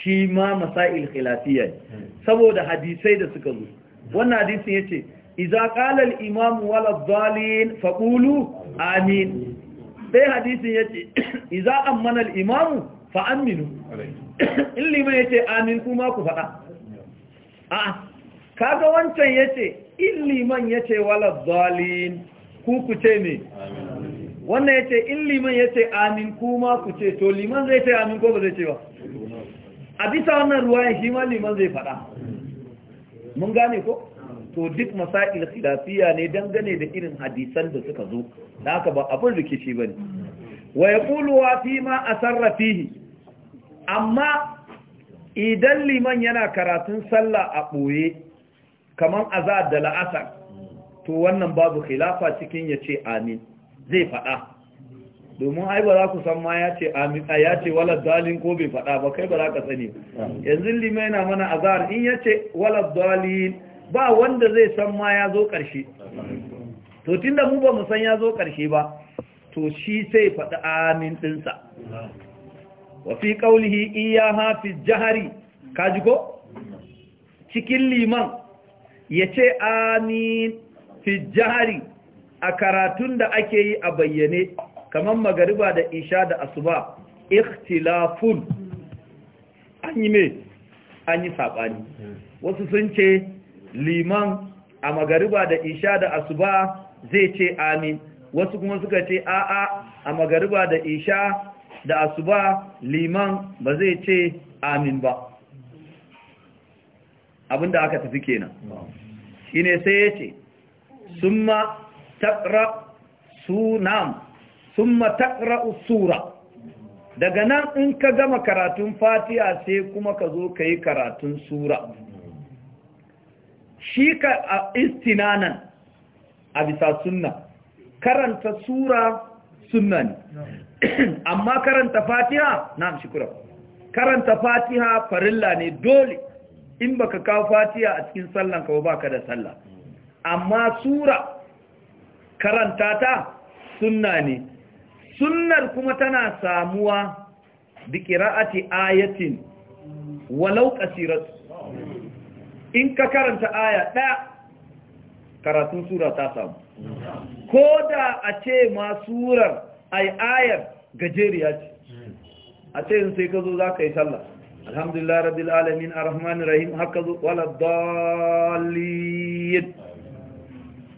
shi ma masail khilafiya ne saboda hadisai da suka zo wannan hadisin ya ce, "Iza al imam wala zalin faƙulu amin sai hadisin ce, "Iza amana al al'imamu?" fa aminu in liman ce amin kuma ku faɗa a kaga wancan ya ce in liman ce wala zalin ku ku ce me wannan ya ce in liman ce amin kuma ku ce to liman zai ce amin ko ba zai ce ba a bisa wannan ya shi ma liman zai faɗa mun gane ko to duk masail khilafiya ne dangane da irin hadisan da suka zo da haka ba abin rikici ne wa yaqulu wa fi ma a sarrafihi amma idan liman yana karatun sallah a ɓoye kamar azad da la'asar to wannan babu khilafa cikin ya ce amin zai faɗa domin ai ba za ku san ma ya ce amin a ya ce walar dalin ko bai faɗa ba kai ba za ka sani yanzu liman yana mana azar in ya ce walar dalin ba wanda zai san ma ya zo ƙarshe to da mu ba mu san ya zo ƙarshe ba to shi sai faɗi amin ɗinsa wa fi qawlihi iyaha fi jahri kaji ko cikin liman yace amin fi jahri a karatun da ake yi a bayyane kamar magariba da isha da asuba ikhtilafun an yi me an yi sabani wasu sun ce liman a magariba da isha da asuba zai ce amin wasu kuma suka ce a'a a magariba da isha da asuba liman ba zai ce amin ba abinda aka tafi kenan shine sai ya ce summa taqra sunam summa taqra sura daga nan in ka gama karatun fatiha sai kuma ka zo ka yi karatun sura shi ka a istinanan a bisa sunna karanta sura sunna ne amma karanta fatiha na shukura karanta fatiha farilla ne dole in baka kawo fatiha a cikin sallan ka ba ka da sallah amma sura karanta ta sunna ne sunnar kuma tana samuwa bi qira'ati ayatin walau qasirat in ka karanta aya ɗaya karatun sura ta samu ko da a ce ma surar ay ayar gajeriya ce a ce yin sai ka zo za ka yi sallah alhamdulillah rabbil alamin arrahmanir rahim haka zo wala dallin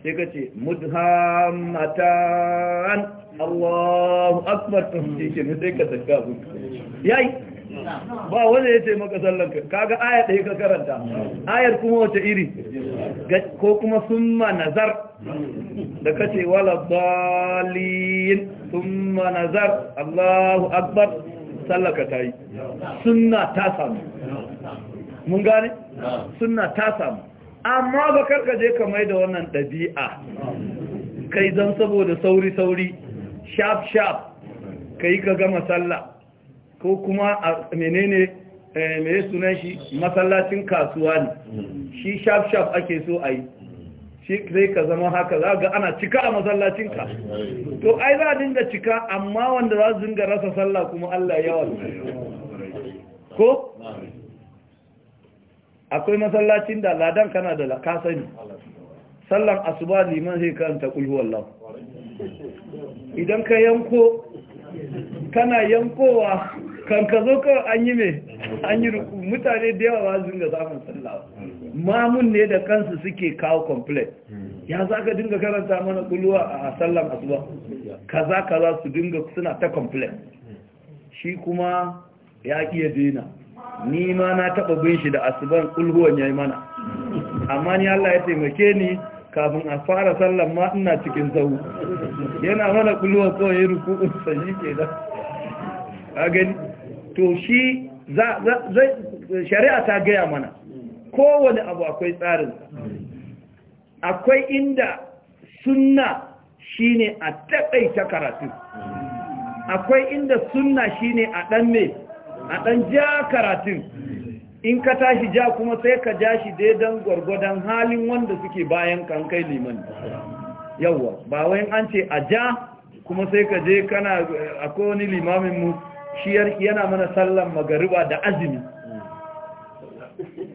sai ka ce mudhammatan Allahu akbar to ce ke sai ka saka yayi ba wanda ya ce maka sallar ka kaga ayar da ka karanta ayar kuma wace iri ko kuma summa nazar da ka ce wala dalin summa nazar Allahu akbar sallaka ta yi suna ta samu mun gane suna ta samu amma ba karka je ka mai da wannan ɗabi'a kai zan saboda sauri sauri sharp sharp yi ka gama sallah ko kuma a menene eh, mai sunan shi masallacin kasuwa ne shi shaf shaf ake so a yi shi zai ka zama haka za ga ana cika a ka. to ai za a dinga cika amma wanda za su rasa sallah kuma Allah yawa ko akwai masallacin da ladan kana da kasani sallan asuba liman zai karanta kulhu idan ka yanko kana yankowa kan ka zo kawai an yi mai an yi ruku mutane da yawa ba dinga samun sallah mamun ne da kansu suke kawo complaint ya za ka dinga karanta mana kuluwa a sallan asuba kaza kaza su dinga suna ta complaint shi kuma ya iya dina ni ma na taɓa bin shi da asuban kulhuwan ya yi mana amma ni Allah ya taimake ni kafin a fara sallan ma ina cikin zau yana mana kuluwa kawai ruku'un sanyi ke da a gani to shi shari'a ta gaya mana kowane abu akwai tsarin akwai inda sunna shine a karatu akwai inda sunna shine a ɗan me a ɗan ja karatun in ka tashi ja kuma sai ka ja shi daidan gwargwadon halin wanda suke bayan kankai liman yawwa ba wai an ce a ja kuma sai ka je kana akwai wani limamin mu shi yana mana sallan magariba da azumi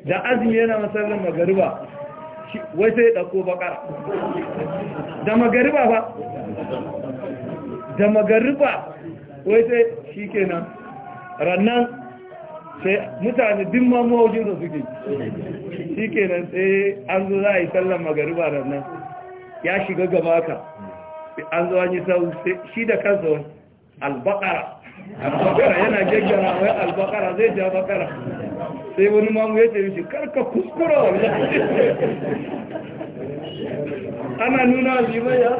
da azumi yana mana sallan magariba wai sai ɗauko bakara da magariba ba da magariba wai sai shikenan, rannan sai mutane din mamuwa wajen da suke shikenan sai an zo za a yi sallan magariba rannan ya shiga gaba ka an zo an yi sau shi da kansa wani albakara albakara yana gaggara wai albakara zai ja bakara sai wani mamu ya ce mishi karka kuskura wallahi ana nuna limai ya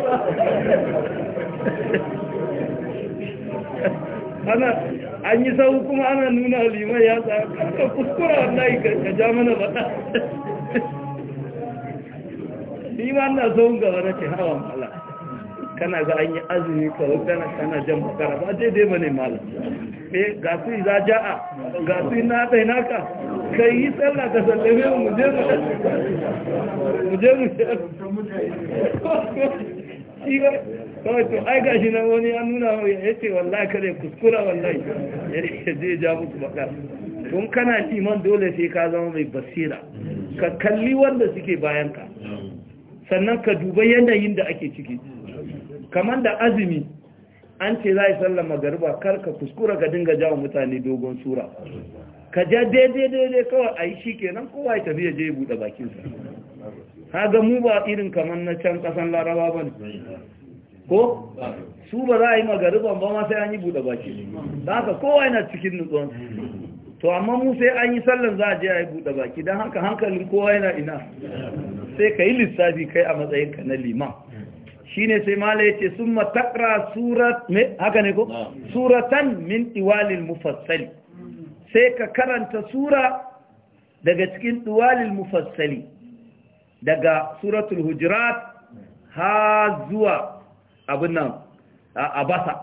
ana an yi sau kuma ana nuna limai ya sa karka kuskura yi ka ja mana bada liman na zaun gaba na ke hawa mala kana za a yi azumi kawai kana kana jan makara ba dai dai ne malam eh ga su za ja'a ga su na ɗai naka kai yi tsalla ka sallame mu je mu je mu je kawai to ai gashi na wani an nuna mai ya ce wallahi kare kuskura wallahi ya eh, je ja muku baka tun kana man dole sai ka zama mai basira ka kalli wanda suke bayanka. sannan ka duba yanayin da ake ciki kamar da azumi an ce za a yi sallar magariba kar ka kuskura ka dinga jawo mutane dogon sura ka ja daidai daidai kawai a yi shi kenan kowa ya tafi ya je ya buɗe bakinsa haga mu ba irin kamar na can ƙasan laraba ba ne ko su ba za a yi magariban ba ma sai an yi buɗe baki da haka kowa yana cikin nutsuwan to amma mu sai an yi sallan za a je a yi buɗe baki don haka hankalin kowa yana ina sai ka yi lissafi kai a matsayinka na liman shine sai mala yace summa taqra surat me haka ne ko suratan min tiwalil mufassali sai ka karanta sura daga cikin tiwalil mufassali daga suratul hujurat ha zuwa abin nan a basa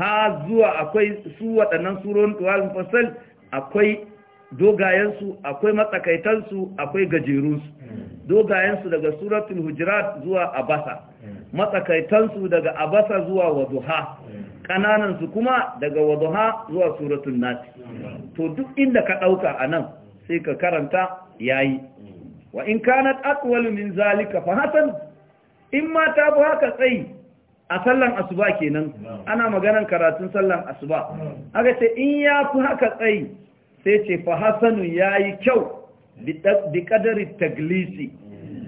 ha zuwa akwai su waɗannan surorin tiwalil mufassal akwai dogayensu akwai matsakaitansu akwai gajerunsu dogayensu daga suratul hujurat zuwa abasa matsakaitansu daga abasa zuwa waduha ƙananansu kuma daga waduha zuwa suratul nasi to duk inda ka ɗauka a nan sai ka karanta yayi wa in kanat aqwalu min zalika fa hasan in ma ta bu haka tsayi a sallan asuba kenan ana maganan karatun sallan asuba aka ce in ya fi haka tsayi sai ce fa hasanu yayi kyau bi kadari taglisi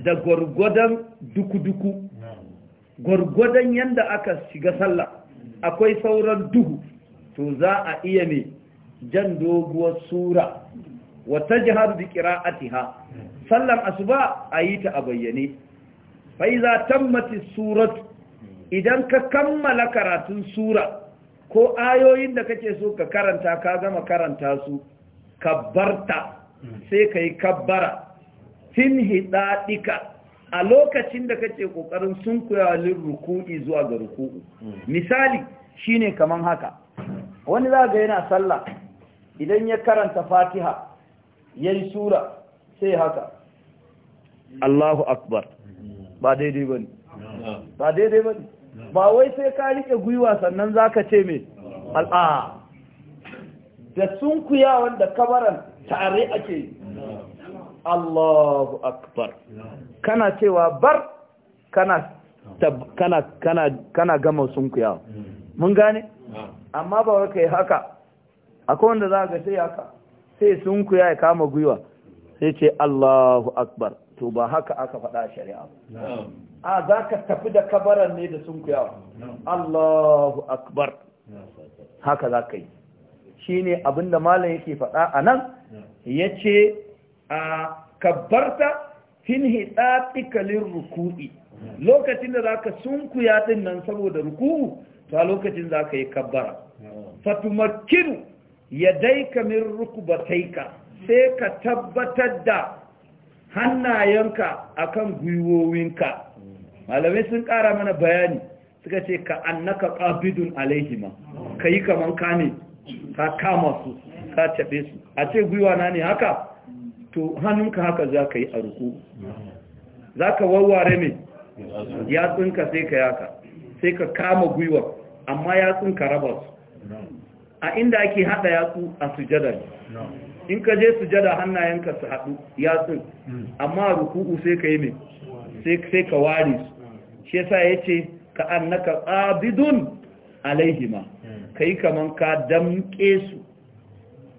da gwargwadon duku-duku gwargwadon yanda aka shiga sallah akwai sauran duhu to za a iya ne jan doguwar sura wata jihar bi qira'atiha sallan asuba ayi ta a bayyane fa iza tammati surat idan ka kammala karatun sura ko ayoyin da kake so ka karanta ka gama karanta su kabbarta sai ka yi kabbara fin hidaɗika a lokacin da kake ƙoƙarin sun kuyalin ruku'i zuwa ga ruku'u misali shine kaman haka wani za ga yana sallah idan ya karanta fatiha ya yi sura sai haka Allahu akbar ba daidai ba ba daidai ba ba wai sai ka riƙe gwiwa sannan za ka ce mai al'a da sunkuyawa da kabaran tare ake yi Allahu akbar kana cewa bar kana kana kana kana gama sunkuyawa mun gane amma ba wai kai haka akwai wanda za ga sai haka sai kuya ya kama gwiwa sai ce Allahu akbar to ba haka aka faɗa shari'a a za ka tafi da kabaran ne da sunkuyawa Allahu akbar haka za ka yi shine da malam yake faɗa a nan ya ce a kabbarta fin tsikalin ruku'i lokacin da za ka sunkuya ɗin nan saboda ruku'u ta lokacin za ka yi kabbara fatumakiru ya daika min ka. sai ka tabbatar da hannayenka akan gwiwowinka malamai sun ƙara mana bayani suka ce ka annaka ƙabidun alaihima ka kaman kamar kane ka kama su ka taɓe su a ce gwiwa na ne haka to hannunka haka za ka yi a ruku za ka warware mai yatsunka sai ka yaka sai ka kama gwiwa amma yatsunka raba su a inda ake haɗa yatsu a sujada in ka je sujada hannayenka su haɗu yatsun amma a ruku'u sai ka yi mai sai ka ware su shi yasa ya ce ka annaka tsabidun alaihima kai kaman ka damke su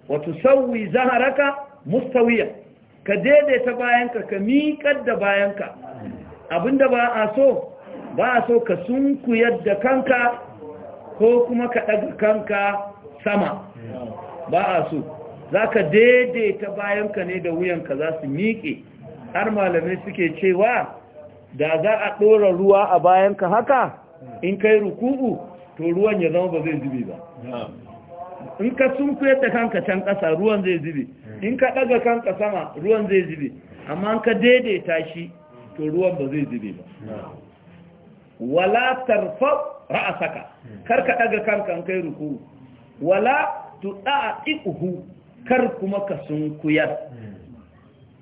Wata sauwi zaharaka mustawiya ka daidaita bayanka ka miƙar da ka. abinda ba a so ba a so ka sunkuyar da kanka ko kuma ka ɗaga kanka sama ba a so za ka daidaita bayanka ne da wuyanka za su miƙe har malamai suke cewa da za a ɗora ruwa a bayanka haka in kai ruku'u to ruwan ya zama ba zai zube ba in ka sunkuyar da kanka can ƙasa ruwan zai zube in ka ɗaga kanka sama ruwan zai zube amma in ka daidaita shi to ruwan ba zai zube ba wala tarfa ra'asaka kar ka ɗaga kanka kai ruku wala ɗa'a ikuhu kar kuma ka sunkuyar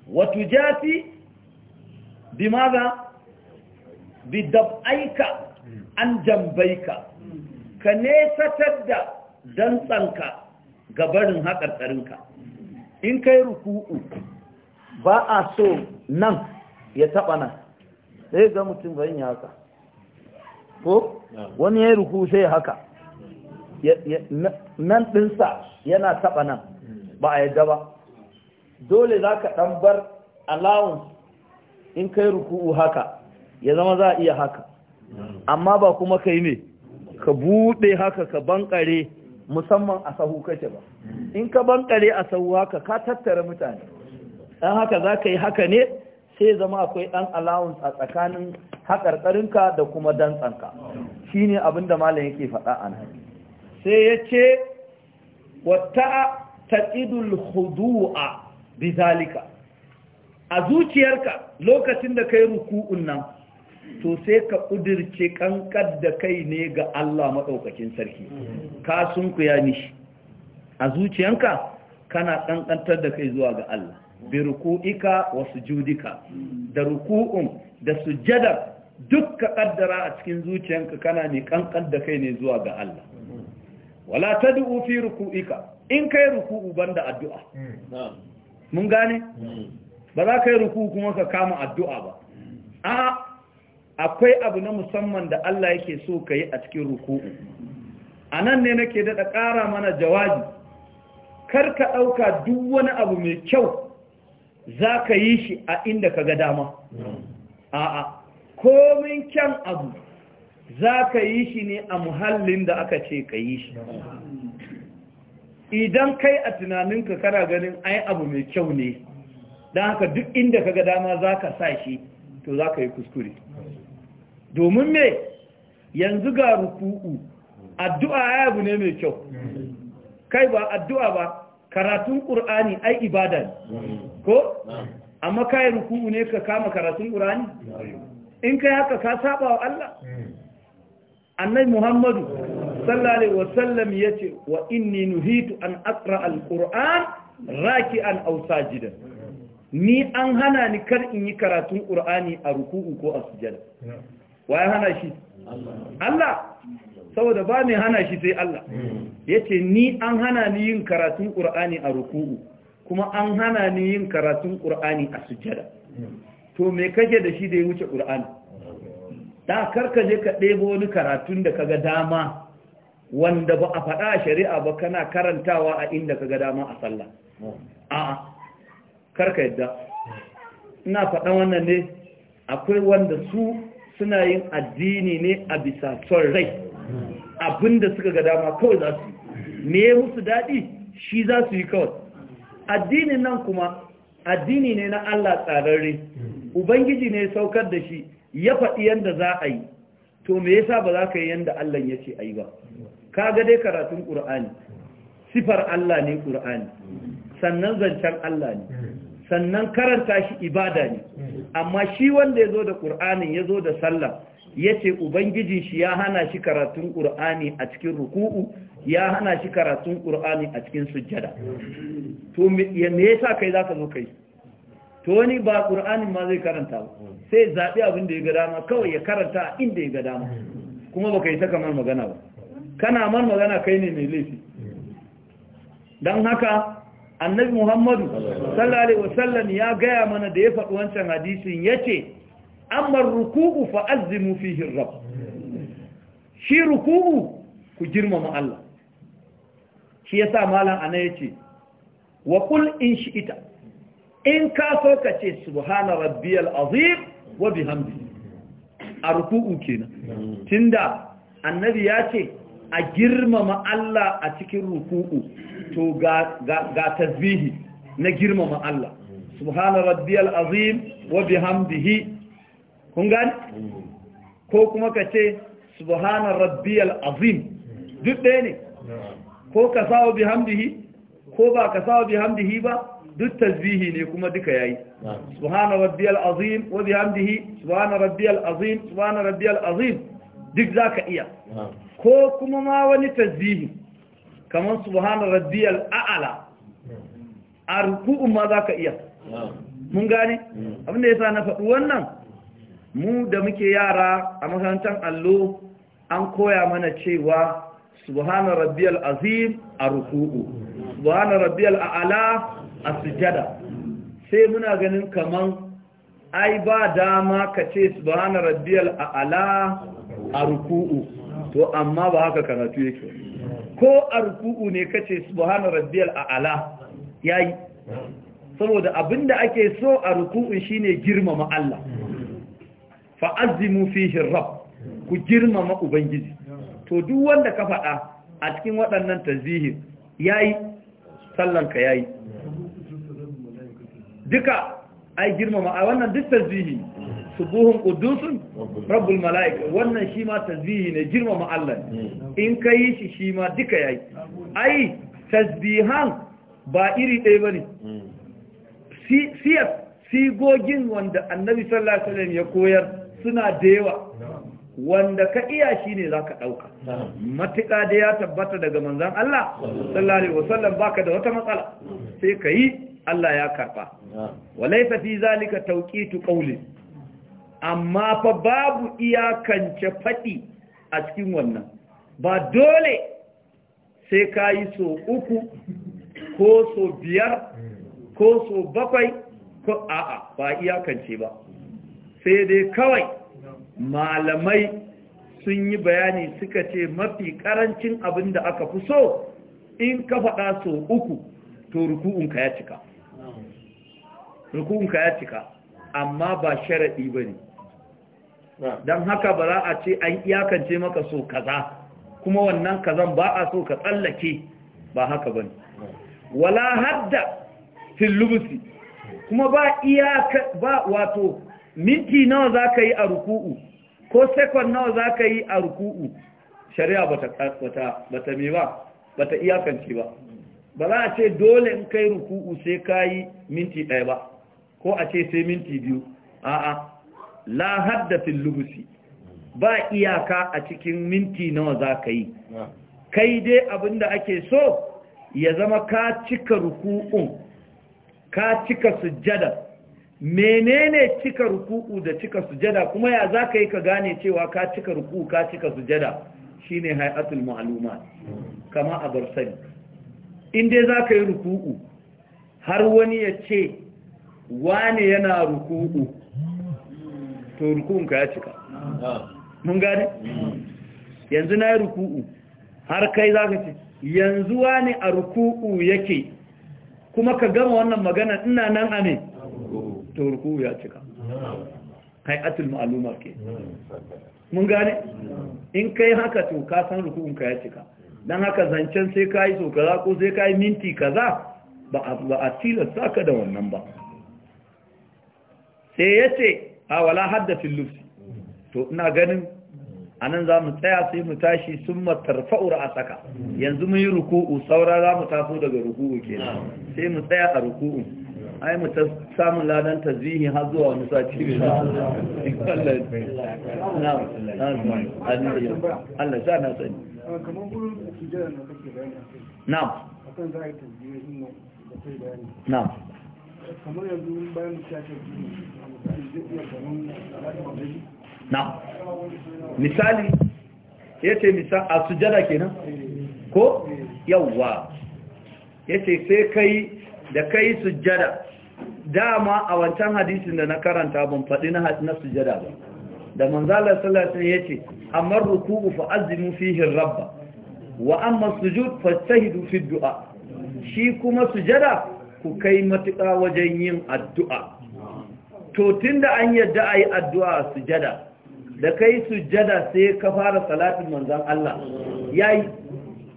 watu jafi bi maza bi dab'aika an jambaika ka nesatar da dantsanka ga barin haƙar haƙarƙarinka in kai ruku'u ba a so nan ya taɓa nan sai ga mutum bayan ya haka ko wani ya yi ruku sai haka nan ɗinsa yana taɓa nan ba a yadda ba dole za ka ɗan bar allowance in kai ruku'u haka ya zama za a iya haka amma ba kuma kai ne ka buɗe haka ka banƙare musamman a sahu kake ba in ka banƙare a sahu haka ka tattara mutane dan haka za ka yi haka ne sai zama akwai ɗan allowance a tsakanin haƙarƙarinka da kuma dantsanka shi ne abin da malam yake faɗa a nan sai ya ce wata taƙidul a bizalika a zuciyarka lokacin da kai ruku'un nan to sai ka ƙudirce ƙanƙar da kai ne ga Allah maɗaukakin sarki ka sun ya nishi a zuciyanka kana ƙanƙantar da kai zuwa ga Allah bi ruku'ika wa sujudika da ruku'un da sujadar duk ka ƙaddara a cikin zuciyanka kana ne ƙanƙar da kai ne zuwa ga Allah wala tad'u fi ruku'ika in kai ruku'u banda addu'a mun gane hmm. ba za ka yi ruku'u kuma ka kama addu'a ba a akwai abu na musamman da Allah yake so ka yi a cikin ruku'u a nan ne nake daɗa ƙara mana jawabi kar ka ɗauka duk wani abu mai kyau za ka yi shi a inda ka ga dama a'a komin kyan abu za ka yi shi ne a muhallin da aka ce ka yi shi idan kai a tunaninka kana ganin ai abu mai kyau ne don haka duk inda ka ga dama za ka sa shi to za ka yi kuskure domin me yanzu ga ruku'u addu'a ya abu ne mai kyau kai ba addu'a ba karatun ƙur'ani ai ibada ne. ko amma kai ruku'u ne ka kama karatun ƙur'ani in kai haka ka saba wa Allah annai muhammadu sallale wasallam ya ce wa inni nuhitu an akra al-ƙur'an raki'an aw sajidan ni an hana ni kar in yi karatun ƙur'ani a ruku'u ko a sujada wa ya hana shi Allah saboda ba mai hana shi sai Allah yace ni an hana ni yin karatun Qur'ani a ruku'u kuma an hana ni yin karatun Qur'ani a sujjada to me kake da shi da ya wuce Qur'ani da karka je ka ɗebo wani karatun da kaga dama wanda ba a faɗa a shari'a ba kana karantawa a inda kaga dama a sallah a'a karka yadda ina faɗa wannan ne akwai wanda su suna yin addini ne a bisa son rai abinda suka ga dama kawai za su ne musu daɗi shi za su yi kawai addinin nan kuma addini ne na Allah tsararre ubangiji ne saukar da shi ya faɗi yadda za a yi to me yasa ba za ka yi yadda Allah ya ce a yi ba ka ga dai karatun ƙur'ani sifar Allah ne ƙura'ani sannan zancen Allah ne sannan karanta shi ibada ne amma shi wanda ya zo da ƙur'anin ya zo da sallah ya ce ubangijin shi ya hana shi karatun ƙur'ani a cikin ruku'u ya hana shi karatun ƙur'ani a cikin sujjada to me yasa kai za ka zo kai to wani ba ƙur'anin ma zai karanta ba sai zaɓi abin da ya ga dama kawai ya karanta inda ya ga dama kuma baka yi ta kamar magana ba kana man magana kai ne mai laifi don haka annabi muhammadu sallallahu alaihi wasallam ya gaya mana da ya faɗi wancan hadisin yace amma ruku'u fa azimu fihi shi ruku'u ku girmama Allah shi sa malam ana yace wa qul in shi'ita in ka so ka ce subhana rabbiyal azim wa bihamdi a ruku'u kenan tunda annabi ya ce a girmama Allah a cikin ruku'u to ga tasbihi na girmama Allah subhana rabbiyal azim wa bihamdihi kun gani ko kuma ka ce subhana rabbiyal azim duk ɗaya ne ko ka sawo bihamdihi ko ba ka sawo bihamdihi ba duk tasbihi ne kuma duka yayi subhana rabbiyal azim wa bihamdihi subhana rabbiyal azim subhana rabbiyal azim duk zaka iya ko kuma ma wani tasbihi kamar subhana radiyar a'la a ruku'u ma zaka iya mun gane abinda yasa na faɗi wannan mu da muke yara a makarantar allo an koya mana cewa subhana radiyar azim a ruku'u subhana radiyar a'la a sujada sai muna ganin kaman ai ba dama ka ce subhana radiyar a'la a ruku'u to amma ba haka karatu yake ko a ruku'u ne kace subhana rabbiyal a'la yayi saboda abinda ake so a ruku'u shine girmama Allah fa azimu fihi rabb ku girmama ubangiji to duk wanda ka faɗa a cikin waɗannan tazihin yayi sallanka yayi duka ai girmama a wannan duk tazihi subuhun kudusun rabbul malaika wannan shi ma tasbihi ne girmama Allah hmm. in kai shi shi ma duka yayi ai tasbihan ba iri ɗaya bane hmm. siyar sigogin wanda annabi sallallahu alaihi ya koyar suna da wanda ka iya shi zaka za ɗauka matuƙa da ya tabbata daga manzan Allah sallallahu wasallam baka da wata matsala hmm. sai ka Allah ya karɓa walai fi zalika tauƙitu ƙaunin. amma fa babu iyakance faɗi a cikin wannan ba dole sai ka yi so uku ko so biyar ko so bakwai ko a'a ba iyakance ba sai dai kawai malamai sun yi bayani suka ce mafi karancin abin da aka fi so in ka faɗa so uku to ruku'unka ya cika ya cika amma ba sharaɗi ba ne don haka ba za a ce an iyakance maka so kaza kuma wannan kazan ba a so ka tsallake ba haka ba ne wala hadda filubusi kuma ba iyaka ba wato minti nawa za ka yi a ruku'u ko sekon nawa za ka yi a ruku'u shari'a ba ta me ba ba ta iyakance ba ba za a ce dole in kai ruku'u sai ka yi minti ɗaya ba ko a ce sai minti biyu a'a la haddafin lubusi ba iyaka a cikin minti nawa za ka yi kai dai abinda ake so ya zama ka cika ruku'un ka cika sujjada menene cika ruku'u da cika sujada? kuma ya za ka yi ka gane cewa ka cika ruku'u ka cika sujjada shine hay'atul ma'lumat kama a barsani in dai za ka yi ruku'u har wani ya ce wane yana ruku'u to ruku'un ka ya cika mun gane yanzu na yi ruku'u har kai za ka ce yanzu wani a ruku'u yake kuma ka gama wannan magana ina nan a ne to ruku'u ya cika Kai atul ma'alumar ke mun gane in kai haka to ka san ruku'un ka ya cika dan haka zancen sai ka yi so ko sai ka yi minti kaza ba a tilasta ka da wannan ba sai ya ce a wala haddafin lufi to ina ganin a nan za mu tsaya sai mu tashi sun matarfa'ura a tsaka yanzu mun yi ruku'u saura za mu taso daga ruku'u ke sai mu tsaya a ruku'u ai mu ta samun ladan ta zihi har zuwa wani sati ne Allah ya na sani kamar gurin sujjada na kake bayani na'am akan za a yi tasbihi nan da kai bayani na'am kamar yanzu bayan mu ta tasbihi na misali ya ce a sujada kenan ko yawwa ya ce sai kai da kai sujada dama a wancan hadisin da na karanta ban faɗi na sujada ba da manzalar salatin ya ce amma ruku'u fa azimu fihin rabba wa amma sujud fastahidu fi du'a shi kuma sujada ku kai matuƙa wajen yin addu'a to tun da an yadda a yi addu'a sujada da kai sujada sai ka fara salatin manzan Allah ya yi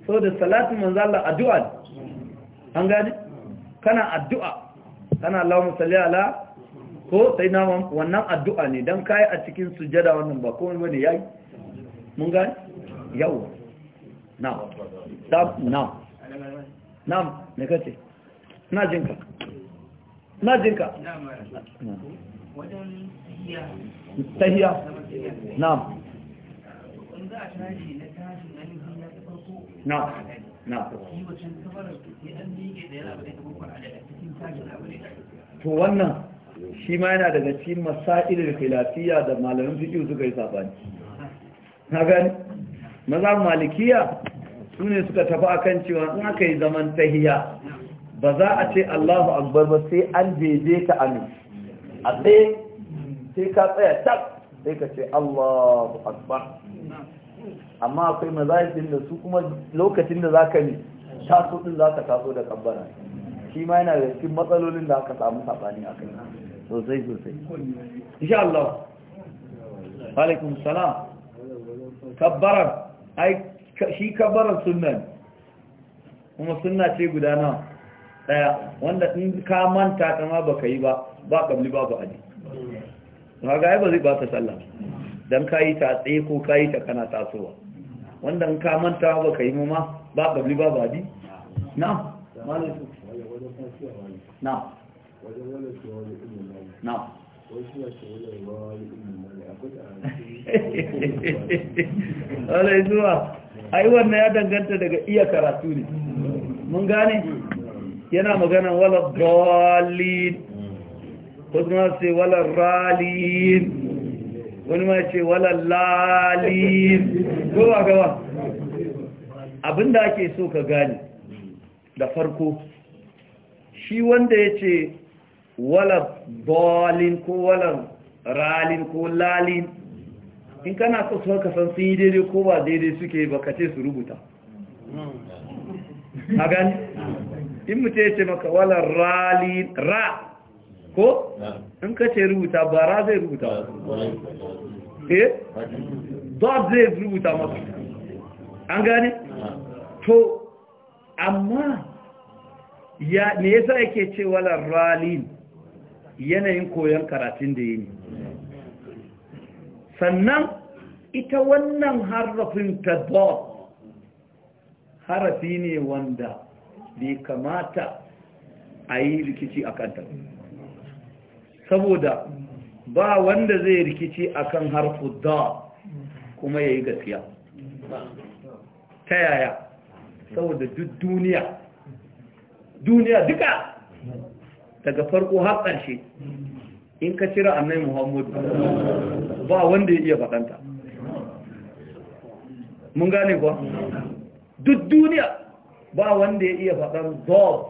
so da salatin manzan Allah addu'a an gani kana addu'a kana Allah salli ala ko sai na wannan addu'a ne don kayi a cikin sujada wannan ba wani ya yi? mun gani yau na na na me kace ina jinka na jinka tahiya na'am na'am to wannan shi ma yana daga cikin masailin filafiya da malamin fiqh suka yi sabani na gani maza malikiya su ne suka tafi akan cewa in aka yi zaman tahiya ba za a ce Allahu akbar ba sai an jeje ta amin a tsaye sai ka tsaya tak sai ka ce Allahu akbar amma akwai mazahibin da su kuma lokacin da za ka ne taso din ka taso da kabbara shi ma yana da cikin matsalolin da aka samu sabani kai sosai sosai insha Allah alaikum salam kabbarar ai shi kabbarar sunna kuma sunna ce guda nawa daya wanda in ka manta kama baka yi ba ba kabli ba aji yi ba zai ta sallah dan kayi ta tsaye ko kayi ta kana tasowa wanda in ka manta baka yi ma ba kabli ba aji na'am wajen wajen wajen wajen zuwa ai wajen ya danganta daga iya karatu ne mun gane yana magana wala dalil ko kuma sai wala ralin wani ma ce wala lalin ko ba gaba abinda ake so ka gane da farko shi wanda ya ce wala dalin ko wala ralin ko lalin in kana so su haka san sun yi daidai ko ba daidai suke ba ka ce su rubuta a gani in mu ya ce maka wala rali ra ko in ka ce rubuta ba ra zai rubuta eh dot zai rubuta maka an gane to amma ya ne yasa yake ce wala rali yanayin koyon karatun da yi ne sannan ita wannan harafin ta dot harafi ne wanda bai kamata a yi rikici a kanta saboda ba wanda zai rikici akan harfu da kuma ya yi gaskiya ta yaya saboda duk duniya duniya duka daga farko har shi in ka cira annai muhammadu ba wanda ya iya faɗanta mun gane ba duk duniya ba wanda ya iya faɗar zob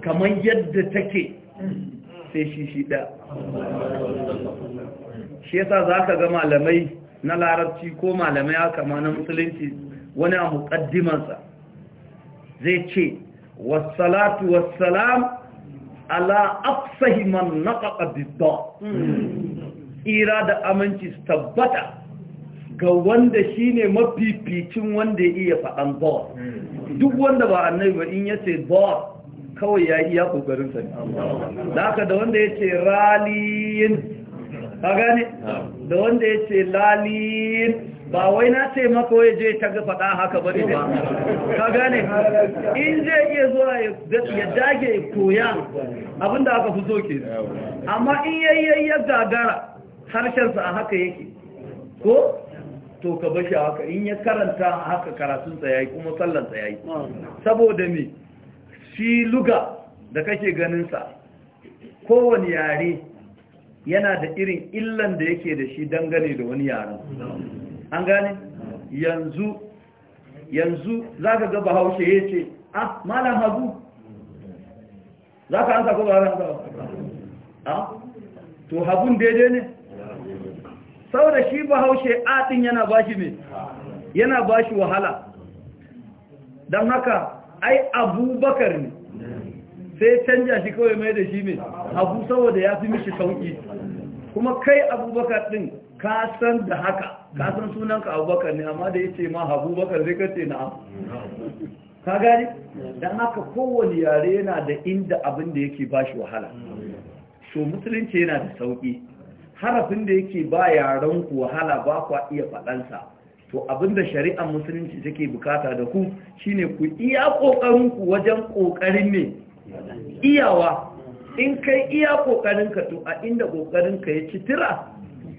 kamar yadda take sai shi shi ɗa shi yasa za ka ga malamai na larabci ko malamai haka ma na musulunci wani a muƙaddimansa zai ce wasalatu wasalam ala afsahiman ƙaƙa bidda tsira hmm. da aminci tabbata ga wanda shi ne mafificin wanda ya iya faɗan bor hmm. duk wanda ba annabi ba in yace bor kawai ya iya ƙoƙarin sani da aka da wanda ce raliyin ba gane da wanda ya ce hmm. laliyin ba wai na ce mako ya je ta faɗa haka ne ba ka gane in zai iya zuwa ya dage koya abinda aka fi zoke amma in yayyayyar gagara harshensa a haka yake ko to ka bashi haka in ya karanta haka karatunsa ya yi kuma sallansa ya yi ah. saboda me shi luga da kake ganinsa kowane yare yana da irin illan da yake da shi dangane da wani yaren an gane yanzu yanzu za ka gaba haushe ya ce ah malam hagu za ka ansa ko ba za ka ansa ah, to hagun daidai ne saboda shi bahaushe atin yana bashi ne yana bashi wahala don haka ai abubakar ne sai canja shi kawai mai da shi ne abu saboda ya fi mishi sauki kuma kai abubakar ɗin, ka san da haka ka san sunanka abubakar ne amma da ya ce ma abubakar zai kace na ka gani don haka kowane yare yana da inda abin da yake bashi wahala so musulunci yana da sauki harafin da yake ba yaren ku wahala ba kwa iya faɗansa to abinda shari'ar musulunci take bukata da ku shine ku iya kokarin ku wajen kokarin ne iyawa in kai iya kokarin to a inda kokarin ya citira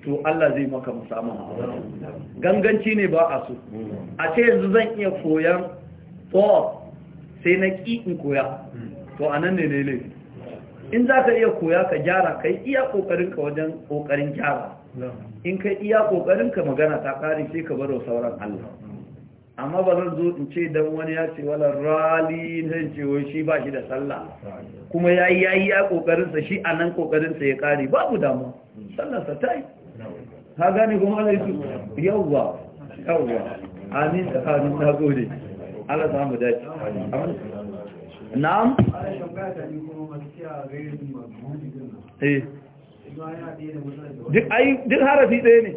to Allah zai maka musamman ganganci ne ba a so a ce yanzu zan iya koyan sai na ki in koya to anan ne ne laifi in za ka iya koya ka gyara ka yi iya ƙoƙarinka wajen ƙoƙarin gyara in ka iya ƙoƙarinka magana ta ƙari sai ka baro sauran Allah amma ba zan zo in ce don wani ya ce wala rali zan ce wai shi ba shi da sallah kuma ya yi ya yi ya ƙoƙarinsa shi a nan ƙoƙarinsa ya ƙari babu damu sallarsa ta yi ha gane kuma ala yi su yawwa yawwa amin tsakanin na gode Allah samu dace na'am Eh. duk harafi ɗaya ne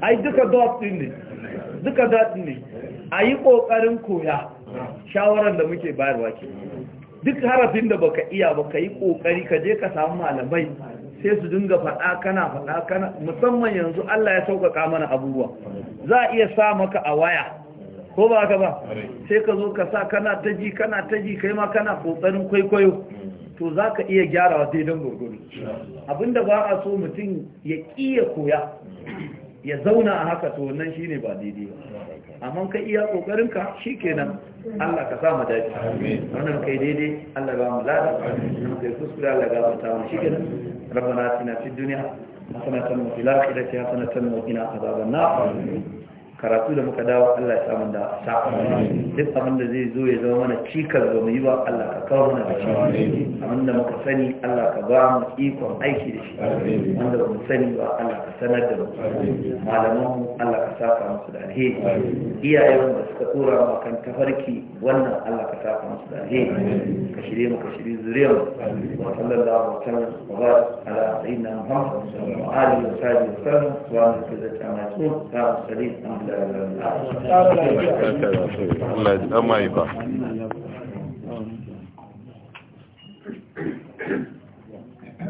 ai duka dot ne duka ne a yi ƙoƙarin koya shawarar da muke bayarwa ke duk harafin da baka iya baka yi ƙoƙari ka je ka samu malamai sai su dinga faɗa kana faɗa kana musamman yanzu Allah ya sauƙaƙa mana abubuwa za a iya sa maka a waya ko ba ka ba sai ka zo ka sa kana ta ji kana ta ji kai ma kana ƙoƙarin kwaikwayo to za ka iya gyarawa daidan gurguru abinda ba a so mutum ya iya koya ya zauna a haka to wannan shine ba daidai ba amma ka iya shi kenan, Allah ka sa mu wannan kai daidai Allah ba mu lada wannan kai kuskure Allah ga mu ta mu shikenan rabbana atina fid dunya hasanatan wa fil akhirati hasanatan ina qina adhaban na karatu da muka dawo Allah ya samu da sa duk abin da zai zo ya zama mana cikas ba mu yi ba Allah ka kawo mana da shi abin da muka sani Allah ka ba mu ikon aiki da shi wanda ba mu sani ba Allah ka sanar da mu malaman mu Allah ka saka musu da alheri da suka tura mu kan tafarki wannan Allah ka saka musu da alheri ka shirye mu ka shirye zuriyar mu wa sallallahu alaihi wa sallam ala sayyidina Muhammad wa alihi wa sahbihi wa sallam wa ala kulli ta'ala wa salim Allah ya ji